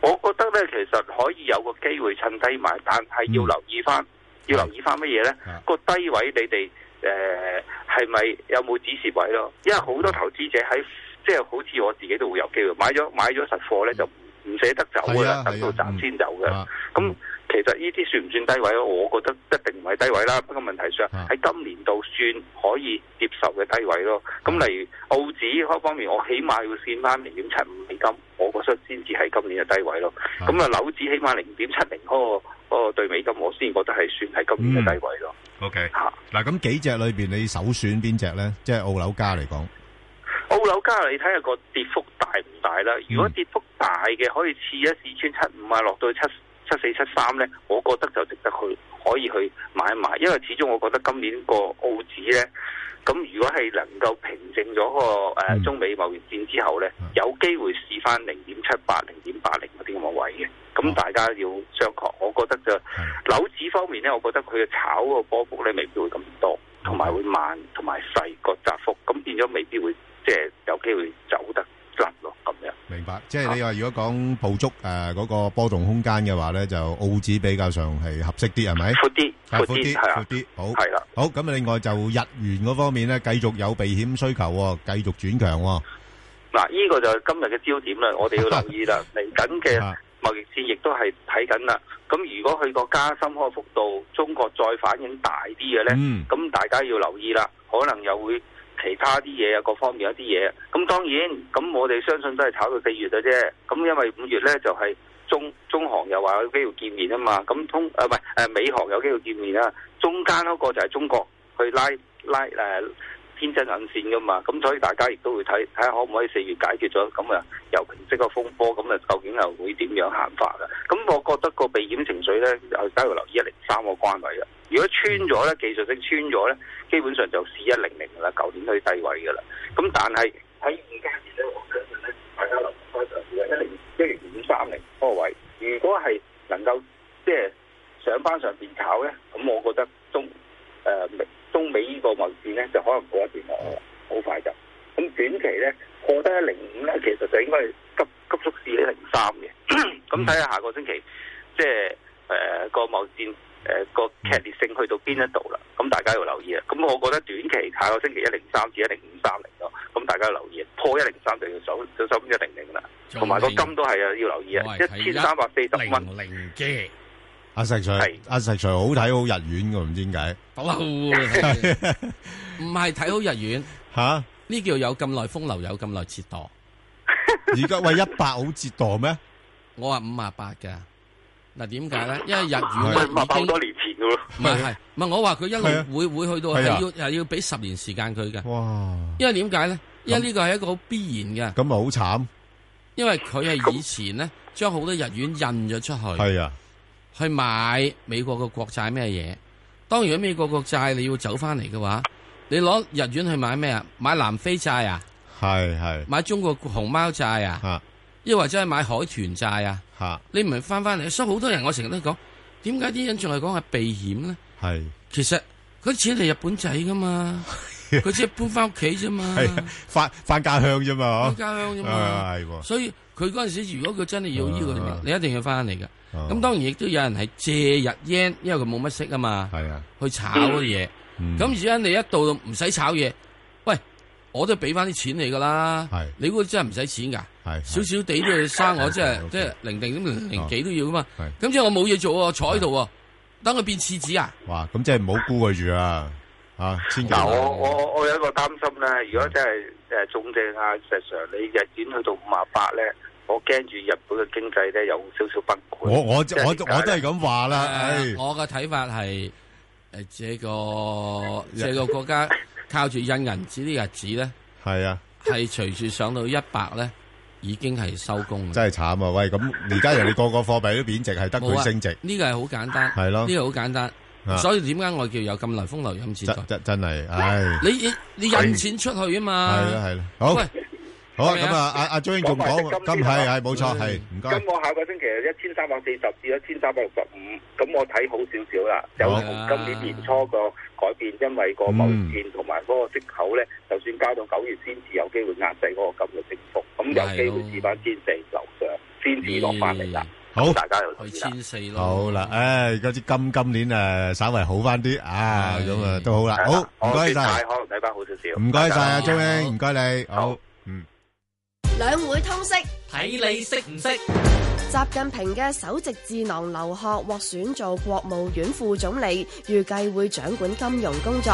我覺得咧，其實可以有個機會趁低買，但係要留意返。嗯要留意翻乜嘢咧？啊、個低位你哋誒係咪有冇止蝕位咯？因為好多投資者喺，即係好似我自己都會有機會買咗買咗實貨咧，就唔唔捨得走㗎喇，等到賺先走㗎喇。咁、啊啊嗯、其實呢啲算唔算低位？我覺得一定唔係低位啦。不過問題上喺今年度算可以接受嘅低位咯。咁例如澳紙嗰方面，我起碼要線翻零點七五美金，我覺得先至係今年嘅低位咯。咁啊，樓指起碼零點七零嗰個嗰個對美金，我先覺得係算係今年嘅低位咯，嗯。OK，嚇嗱，咁幾隻裏邊你首選邊隻呢？即係澳樓加嚟講，澳樓加你睇下個跌幅大唔大啦。如果跌幅大嘅，可以次一四穿七五啊，落到七七四七三呢，我覺得就值得去。可以去買一買，因為始終我覺得今年個澳紙呢，咁如果係能夠平靜咗個誒中美貿易戰之後呢，嗯、有機會試返零點七八、零點八零嗰啲咁嘅位嘅，咁大家要相確。我覺得就樓、嗯、市方面呢，我覺得佢嘅炒個波幅呢未必會咁多，同埋會慢，同埋細個窄幅，咁變咗未必會即係有機會走得。咁這樣，明白。即係你話如果講捕捉誒嗰、呃那個波動空間嘅話咧，就澳指比較上係合適啲，係咪？闊啲點，闊啲係啊，闊啲好係啦。好，咁的另外就日元嗰方面咧，繼續有避險需求，繼續轉強。嗱、啊，呢、這個就今日嘅焦點啦，我哋要留意啦。嚟緊嘅貿易戰亦都係睇緊啦。咁如果去個加深開幅度，中國再反應大啲嘅咧，咁、嗯、大家要留意啦，可能又會。其他啲嘢啊，各方面有啲嘢，咁當然，咁我哋相信都係炒到四月嘅啫。咁因為五月呢，就係中中行又話有機會見面啊嘛，咁通誒，唔係誒，美行有機會見面啦，中間嗰個就係中國去拉拉誒。呃天真銀線噶嘛，咁所以大家亦都會睇睇下可唔可以四月解決咗，咁啊由平息個風波，咁啊究竟又會點樣行法噶？咁我覺得個避險情緒咧，又、就、都、是、要留意一零三個關位啦。如果穿咗咧，技術性穿咗咧，基本上就試一零零啦，舊年去低位噶啦。咁但係喺五加二咧，我強強咧，大家留意上邊一零一零點三零個位。如果係能夠即係上班上邊炒咧，咁我覺得都。誒、呃、明。中美呢個貿易戰咧，就可能過一段落啦，好快就。咁短期咧，破得一零五咧，其實就應該急急速跌喺一零三嘅。咁睇下下個星期，即係誒個貿易戰誒、呃、個劇烈性去到邊一度啦。咁大家要留意啊。咁我覺得短期下個星期一零三至一零五三零咯。咁大家要留意，破一零三就要走走收一零零啦。同埋個金都係啊，要留意啊，一千三百四十蚊零嘅。是阿石 sir，阿石 sir 好睇好日圓噶，唔知點解。唔係睇好日圓，吓，呢叫有咁耐風流，有咁耐折墮。而家喂一百好折墮咩？我話五十八嘅。嗱，點解咧？因為日圓已經唔係，唔係我話佢一路會會去到係要啊要俾十年時間佢嘅。哇！因為點解咧？因為呢個係一個好必然嘅。咁啊，好慘。因為佢係以前咧，將好多日圓印咗出去。係啊。去買美國嘅國債咩嘢？當然，如果美國國債你要走翻嚟嘅話，你攞日元去買咩啊？買南非債啊？係係。買中國熊貓債啊？吓、啊。抑或者係買海豚債啊？吓、啊。你唔係翻翻嚟，所以好多人我成日都講，點解啲人仲係講係避險咧？係是。其實佢啲錢嚟日本仔噶嘛，佢 只係搬翻屋企啫嘛。係翻翻家鄉啫嘛。家鄉啫嘛。係、啊、所以佢嗰陣時，如果佢真係要呢個，啊、你一定要翻嚟噶。咁當然亦都有人係借日 yen，因為佢冇乜息啊嘛。係啊，去炒嗰啲嘢。咁而家你一到唔使炒嘢，喂，我都俾翻啲錢你㗎啦。係，你估真係唔使錢㗎。係，少少啲都要生我，即係即係零零零零幾都要啊嘛。咁即係我冇嘢做喎，坐喺度喎，等佢變廁紙啊？哇！咁即係唔好估佢住啦，啊，千九。我我我有一個擔心咧，如果真係誒總證下，Sir 你日圓去到五十八咧。我驚住日本嘅經濟咧有少少崩潰。我是我我我都係咁話啦。我嘅睇、啊哎、法係誒，這個這個國家靠住印銀紙啲日子咧，係是啊，係隨住上到一百咧，已經係收工。真係慘啊！喂，咁而家人哋個個貨幣都貶值，係得佢升值啊。呢、這個係好簡單，係是咯，呢個好簡單。咯所以點解我叫有咁流風流？有咁自在，真真係。係、哎、你、哎、你印錢出去啊嘛？係啦係啦，好。好啊，咁啊，阿阿張英仲講金係係冇錯，係唔該。咁我下個星期係一千三百四十至一千三百六十五，咁我睇好少少啦。有同今年年初個改變，因為個貿易戰同埋嗰個息口咧，就算加到九月先至有機會壓制嗰個金嘅升幅，咁有機會試翻千四樓上，先至落翻嚟啦。好，大家又去千四咯。好啦，唉，而家啲金今年啊稍為好翻啲啊，咁啊都好啦。好唔該曬，可能睇翻好少少。唔該曬啊，張英，唔該你。好。兩會通識，睇你識唔識？習近平嘅首席智囊劉鶴獲選做國務院副總理，預計會掌管金融工作。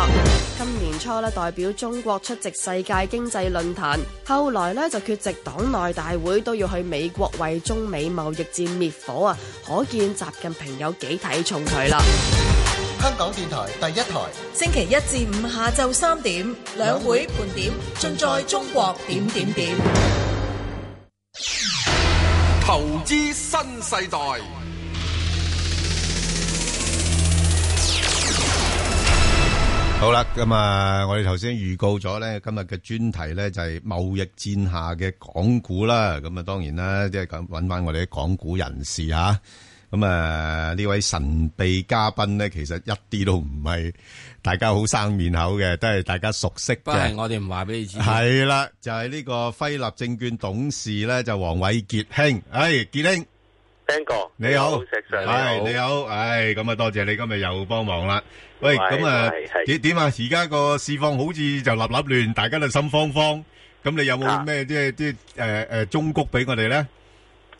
今年初咧代表中國出席世界經濟論壇，後來咧就缺席黨內大會，都要去美國為中美貿易戰滅火啊！可見習近平有幾睇重佢啦。香港電台第一台，星期一至五下晝三點，兩會盤點，盡在《中國點點點》。投資新世代。好啦，咁啊，我哋頭先預告咗咧，今日嘅專題咧就係貿易戰下嘅港股啦。咁啊，當然啦，即係揾翻我哋啲港股人士吓。咁啊，呢位神秘嘉賓咧，其實一啲都唔係大家好生面口嘅，都係大家熟悉嘅。不係我哋唔話俾你知。係啦，就係呢個輝立證券董事咧，就黃偉杰兄。哎，杰兄，聽過你好，石 Sir 你好，你好，哎，咁啊多謝你今日又幫忙啦。喂，咁啊點點啊？而家個市況好似就立立亂，大家都心慌慌。咁你有冇咩即係即係誒誒忠告俾我哋咧？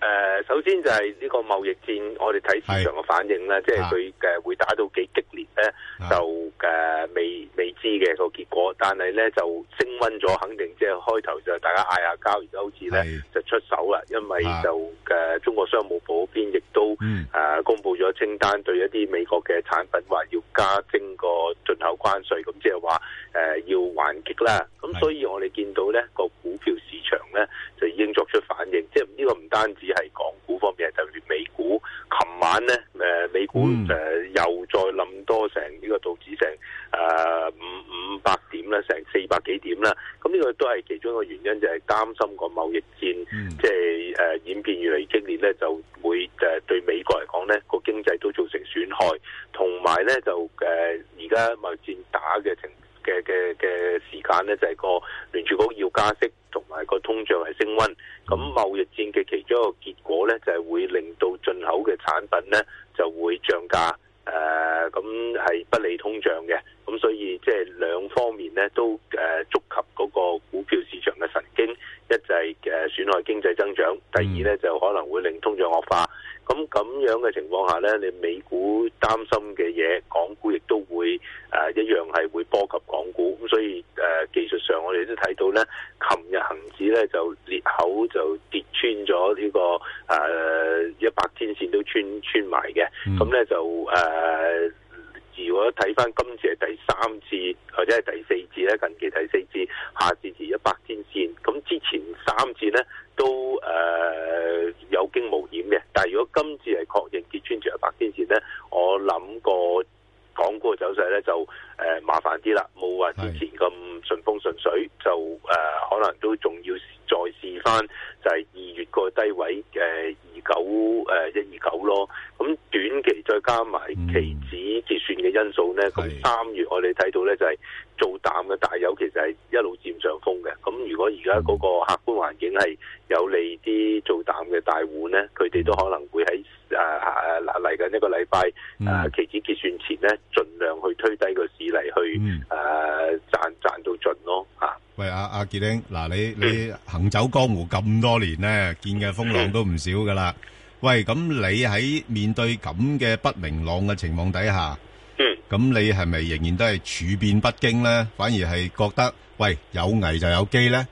誒，首先就係呢個貿易戰，我哋睇市場嘅反應咧，即係佢誒會打到幾激烈咧，就誒未未知嘅個結果。但係咧就升溫咗，肯定即係開頭就大家嗌下交，而家好似咧就出手啦。因為就誒中國商務部嗰邊亦都誒公布咗清單，對一啲美國嘅產品話要加徵個進口關稅，咁即係話誒要還擊啦。咁所以我哋見到咧個股票市場咧就已經作出反應，即係呢個唔單止。係港股方面，就聯、是、美股，琴晚咧，誒，美股誒、呃嗯、又再冧多成呢、這個道指成誒五五百點啦，成四百幾點啦。咁、這、呢個都係其中一個原因，就係、是、擔心個貿易戰，即係誒演變越嚟越激烈咧，就會誒、呃、對美國嚟講咧個經濟都造成損害，同埋咧就誒而家貿易戰打嘅情嘅嘅嘅時間咧就係、是、個聯儲局要加息，同埋個通脹係升溫。咁貿易戰嘅其中一個結果呢，就係會令到進口嘅產品呢就會漲價，誒，咁係不利通脹嘅。咁所以即係兩方面呢都誒觸及嗰個股票市場嘅神經，一就係誒損害經濟增長，第二呢，就可能會令通脹惡化。咁咁樣嘅情況下呢，你美股擔心嘅嘢，港股亦都會誒、呃、一樣係會波及港股。咁所以誒、呃、技術上，我哋都睇到呢琴日恒指呢就裂口就跌穿咗呢個誒一百天線，都穿穿埋嘅。咁呢就誒。呃如果睇翻今次係第三次或者係第四次咧，近期第四次下次字一百天線，咁之前三次咧都誒、呃、有驚無險嘅。但係如果今次係確認結穿住一百天線咧，我諗個港股嘅走勢咧就誒、呃、麻煩啲啦，冇話之前咁順風順水，是就誒、呃、可能都仲要再試翻就係二月個低位嘅。呃九誒一二九咯，咁短期再加埋期指結算嘅因素咧，咁三是月我哋睇到咧就係、是。做淡嘅大友，其實係一路佔上風嘅，咁如果而家嗰個客觀環境係有利啲做淡嘅大戶咧，佢哋都可能會喺誒嚟緊呢個禮拜誒期指、呃、結算前咧，盡量去推低個市嚟去誒賺賺到盡咯。吓喂，阿阿杰丁，嗱、啊、你你行走江湖咁多年咧，見嘅風浪都唔少噶啦。 喂，咁你喺面對咁嘅不明朗嘅情況底下，咁你係咪仍然都係處變不驚咧？反而係覺得喂有危就有機咧？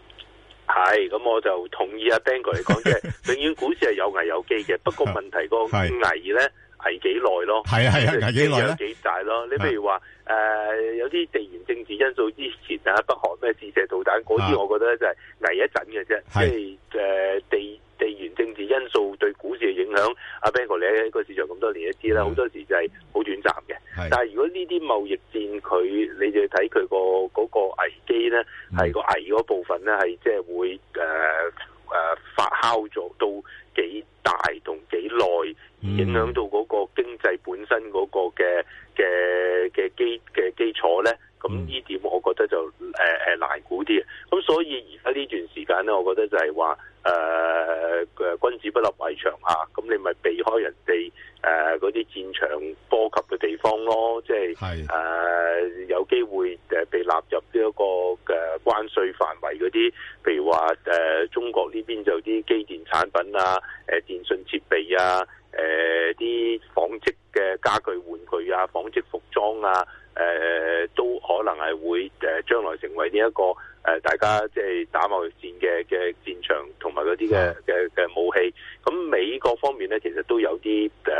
係，咁我就同意阿、啊、Ben 哥嚟講嘅，永遠股市係有危有機嘅。不過問題個危咧危幾耐咯？係啊係啊，危幾耐？幾大咯？你譬如話誒是、呃，有啲地緣政治因素之前啊，北韓咩自射導彈嗰啲，我覺得就係危一陣嘅啫，是即係誒、呃、地。地緣政治因素對股市嘅影響，阿 Ben 哥，hmm. 你喺個市場咁多年，你知啦，好、hmm. 多時就係好短暫嘅。Mm hmm. 但係如果呢啲貿易戰，佢你就睇佢個嗰個危機咧，係個、mm hmm. 危嗰部分咧，係即係會誒誒、呃呃、發酵咗到幾大同幾耐，影響到嗰個經濟本身嗰個嘅嘅嘅基嘅基礎咧。咁呢、嗯、點我覺得就誒誒、呃啊、難估啲，咁、啊、所以而家呢段時間咧，我覺得就係話誒嘅君子不立危牆嚇，咁、啊、你咪避開人哋誒嗰啲戰場波及嘅地方咯，即係誒是、啊、有機會誒被納入呢、這、一個嘅、啊、關稅範圍嗰啲，譬如話誒、呃、中國呢邊就啲機電產品啊、誒、啊、電信設備啊、誒啲紡織嘅家具玩具啊、紡織服裝啊。誒、呃，都可能係會誒，將、呃、來成為呢、這、一個誒、呃，大家即係打貿易戰嘅嘅戰場，同埋嗰啲嘅嘅嘅武器。咁美國方面咧，其實都有啲誒，即、呃、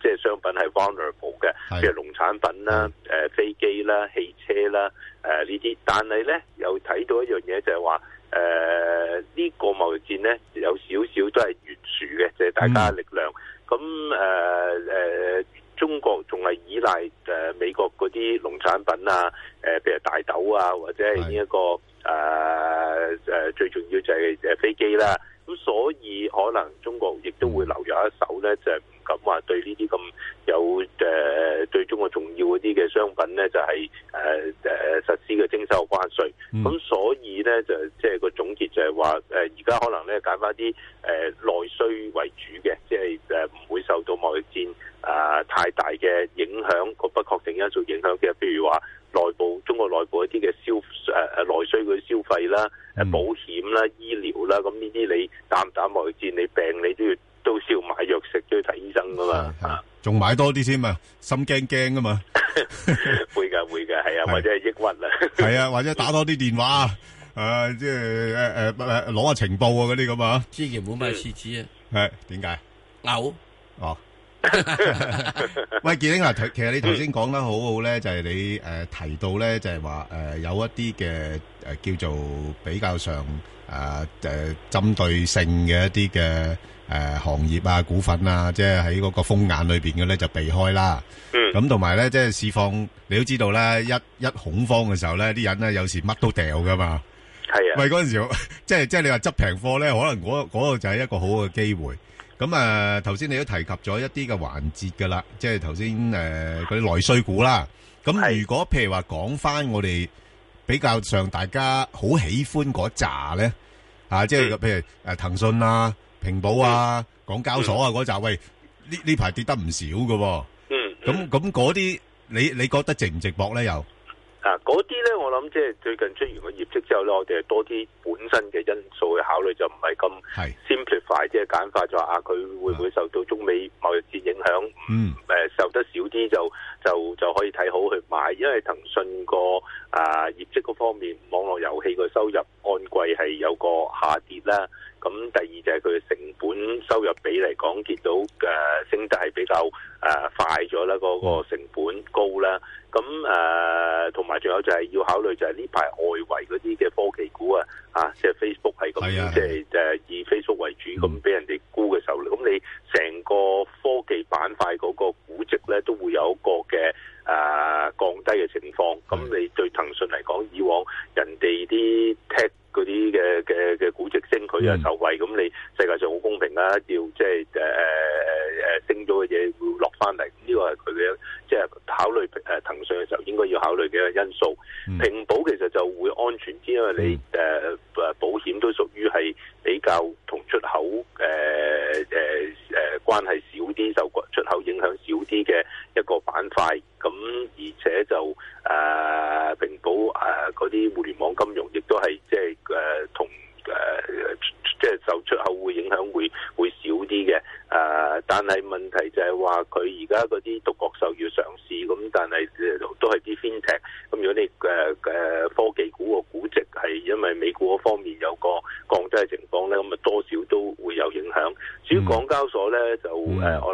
係、就是、商品係 vulnerable 嘅，即係農產品啦、誒的、呃、飛機啦、汽車啦、誒呢啲。但係咧，有睇到一樣嘢就係話，誒、呃、呢、這個貿易戰咧有少少都係懸殊嘅，即係大家嚟。產品啊，誒，譬如大豆啊，或者係呢一個誒誒是的、啊啊，最重要就係誒飛機啦。咁所以可能中國亦都會留有一手咧，嗯、就係唔敢話對呢啲咁有誒、呃、對中國重要嗰啲嘅商品咧，就係誒誒實施嘅徵收關稅。咁、嗯、所以咧就即係、就是、個總結就係話誒，而、呃、家可能咧揀翻啲。買多啲先嘛，心驚驚噶嘛，會噶會噶，係啊，或者係抑鬱啦，係啊，或者打多啲電話，誒，即係誒誒誒，攞下情報啊嗰啲咁啊，之前冇咩廁紙啊，係點解？嘔哦，喂，建英啊，其實你頭先講得好好咧，就係你誒提到咧，就係話誒有一啲嘅誒叫做比較上。誒，誒，針對性嘅一啲嘅誒行業啊，股份啊，即係喺嗰個風眼裏邊嘅咧，就避開啦。嗯。咁同埋咧，即係市況，你都知道咧，一一恐慌嘅時候咧，啲人咧有時乜都掉噶嘛。係啊。咪嗰陣時，即係即係你話執平貨咧，可能嗰嗰個就係一個好嘅機會。咁啊，頭先你都提及咗一啲嘅環節噶啦，即係頭先誒嗰啲內需股啦。係。咁如果譬如話講翻我哋比較上大家好喜歡嗰扎咧？啊，即係、嗯、譬如誒、啊、騰訊啊、平保啊、港交所啊嗰扎，喂，呢呢排跌得唔少嘅，嗯，咁咁嗰啲，你你覺得值唔值博咧？又啊，嗰啲咧，我諗即係最近出完個業績之後咧，我哋係多啲本身嘅因素去考慮，就唔係咁 simplify，即係簡化就話啊，佢會唔會受到中美貿易戰影響？嗯，誒、呃、受得少啲就。就就可以睇好去買，因為騰訊個啊業績嗰方面，網絡遊戲個收入按季係有個下跌啦。咁第二就係佢成本收入比嚟講見到呃升得係比較啊快咗啦，嗰、呃、個、呃、成本高啦。咁誒同埋仲有就係要考慮就係呢排外圍嗰啲嘅科技股啊。啊！即、就、係、是、Facebook 係咁，即係即以 Facebook 為主咁俾、嗯、人哋沽嘅時候，咁你成個科技板塊嗰個估值呢都會有一個嘅誒、uh, 降低嘅情況。咁、啊、你對騰訊嚟講，以往人哋啲。嗰啲嘅嘅嘅估值升佢啊受惠，咁你世界上好公平啦，要即係誒誒升咗嘅嘢會落翻嚟，呢個係佢嘅即係考慮誒騰訊嘅時候應該要考慮嘅因素。平保其實就會安全啲，因為你誒誒保險都屬於係比較同出口誒誒誒關係少啲，受出口影響少啲嘅一個板塊。咁而且就。啊！佢而家嗰啲獨角獸要上市，咁但係都係啲 fintech。咁如果你誒誒科技股個估值係因為美股嗰方面有個降低嘅情況咧，咁啊多少都會有影響。至於港交所咧，就誒。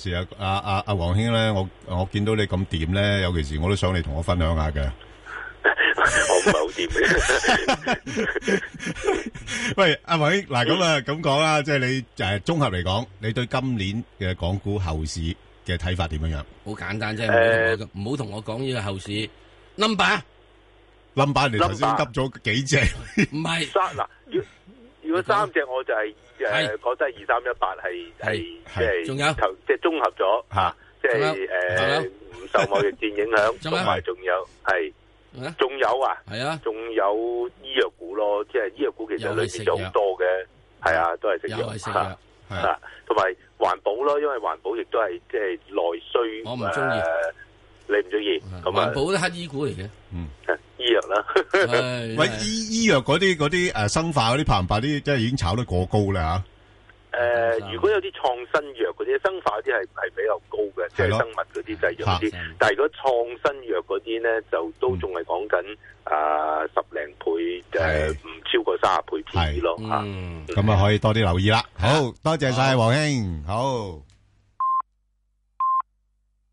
時啊，阿阿阿黃兄咧，我我見到你咁掂咧，尤其係我都想你同我分享下嘅。我唔係好掂。喂，阿黃兄，嗱咁啊咁講啦，即係你誒綜合嚟講，你對今年嘅港股後市嘅睇法點樣樣？好簡單啫，唔好同我講呢個後市 number。number 你頭先急咗幾隻？唔係，嗱，要如果三隻我就係誒覺得二三一八係係即係仲有頭。合咗吓，即係誒，唔受貿易戰影響，同埋仲有係，仲有啊，係啊，仲有醫藥股咯，即係醫藥股其實裏邊有好多嘅，係啊，都係食藥啊，同埋環保咯，因為環保亦都係即係內需。我唔中意，你唔中意？環保都黑衣股嚟嘅，嗯，醫藥啦。喂，醫醫藥嗰啲嗰啲誒，生化嗰啲蓬勃啲，即係已經炒得過高啦吓。誒、呃，如果有啲創新藥嗰啲，生化嗰啲係係比較高嘅，的即係生物嗰啲的製藥嗰啲。的但係如果創新藥嗰啲咧，就都仲係講緊誒的、呃、十零倍，誒、呃、唔的超過卅倍止咯吓。咁啊，可以多啲留意啦。好多謝晒王兄，好。的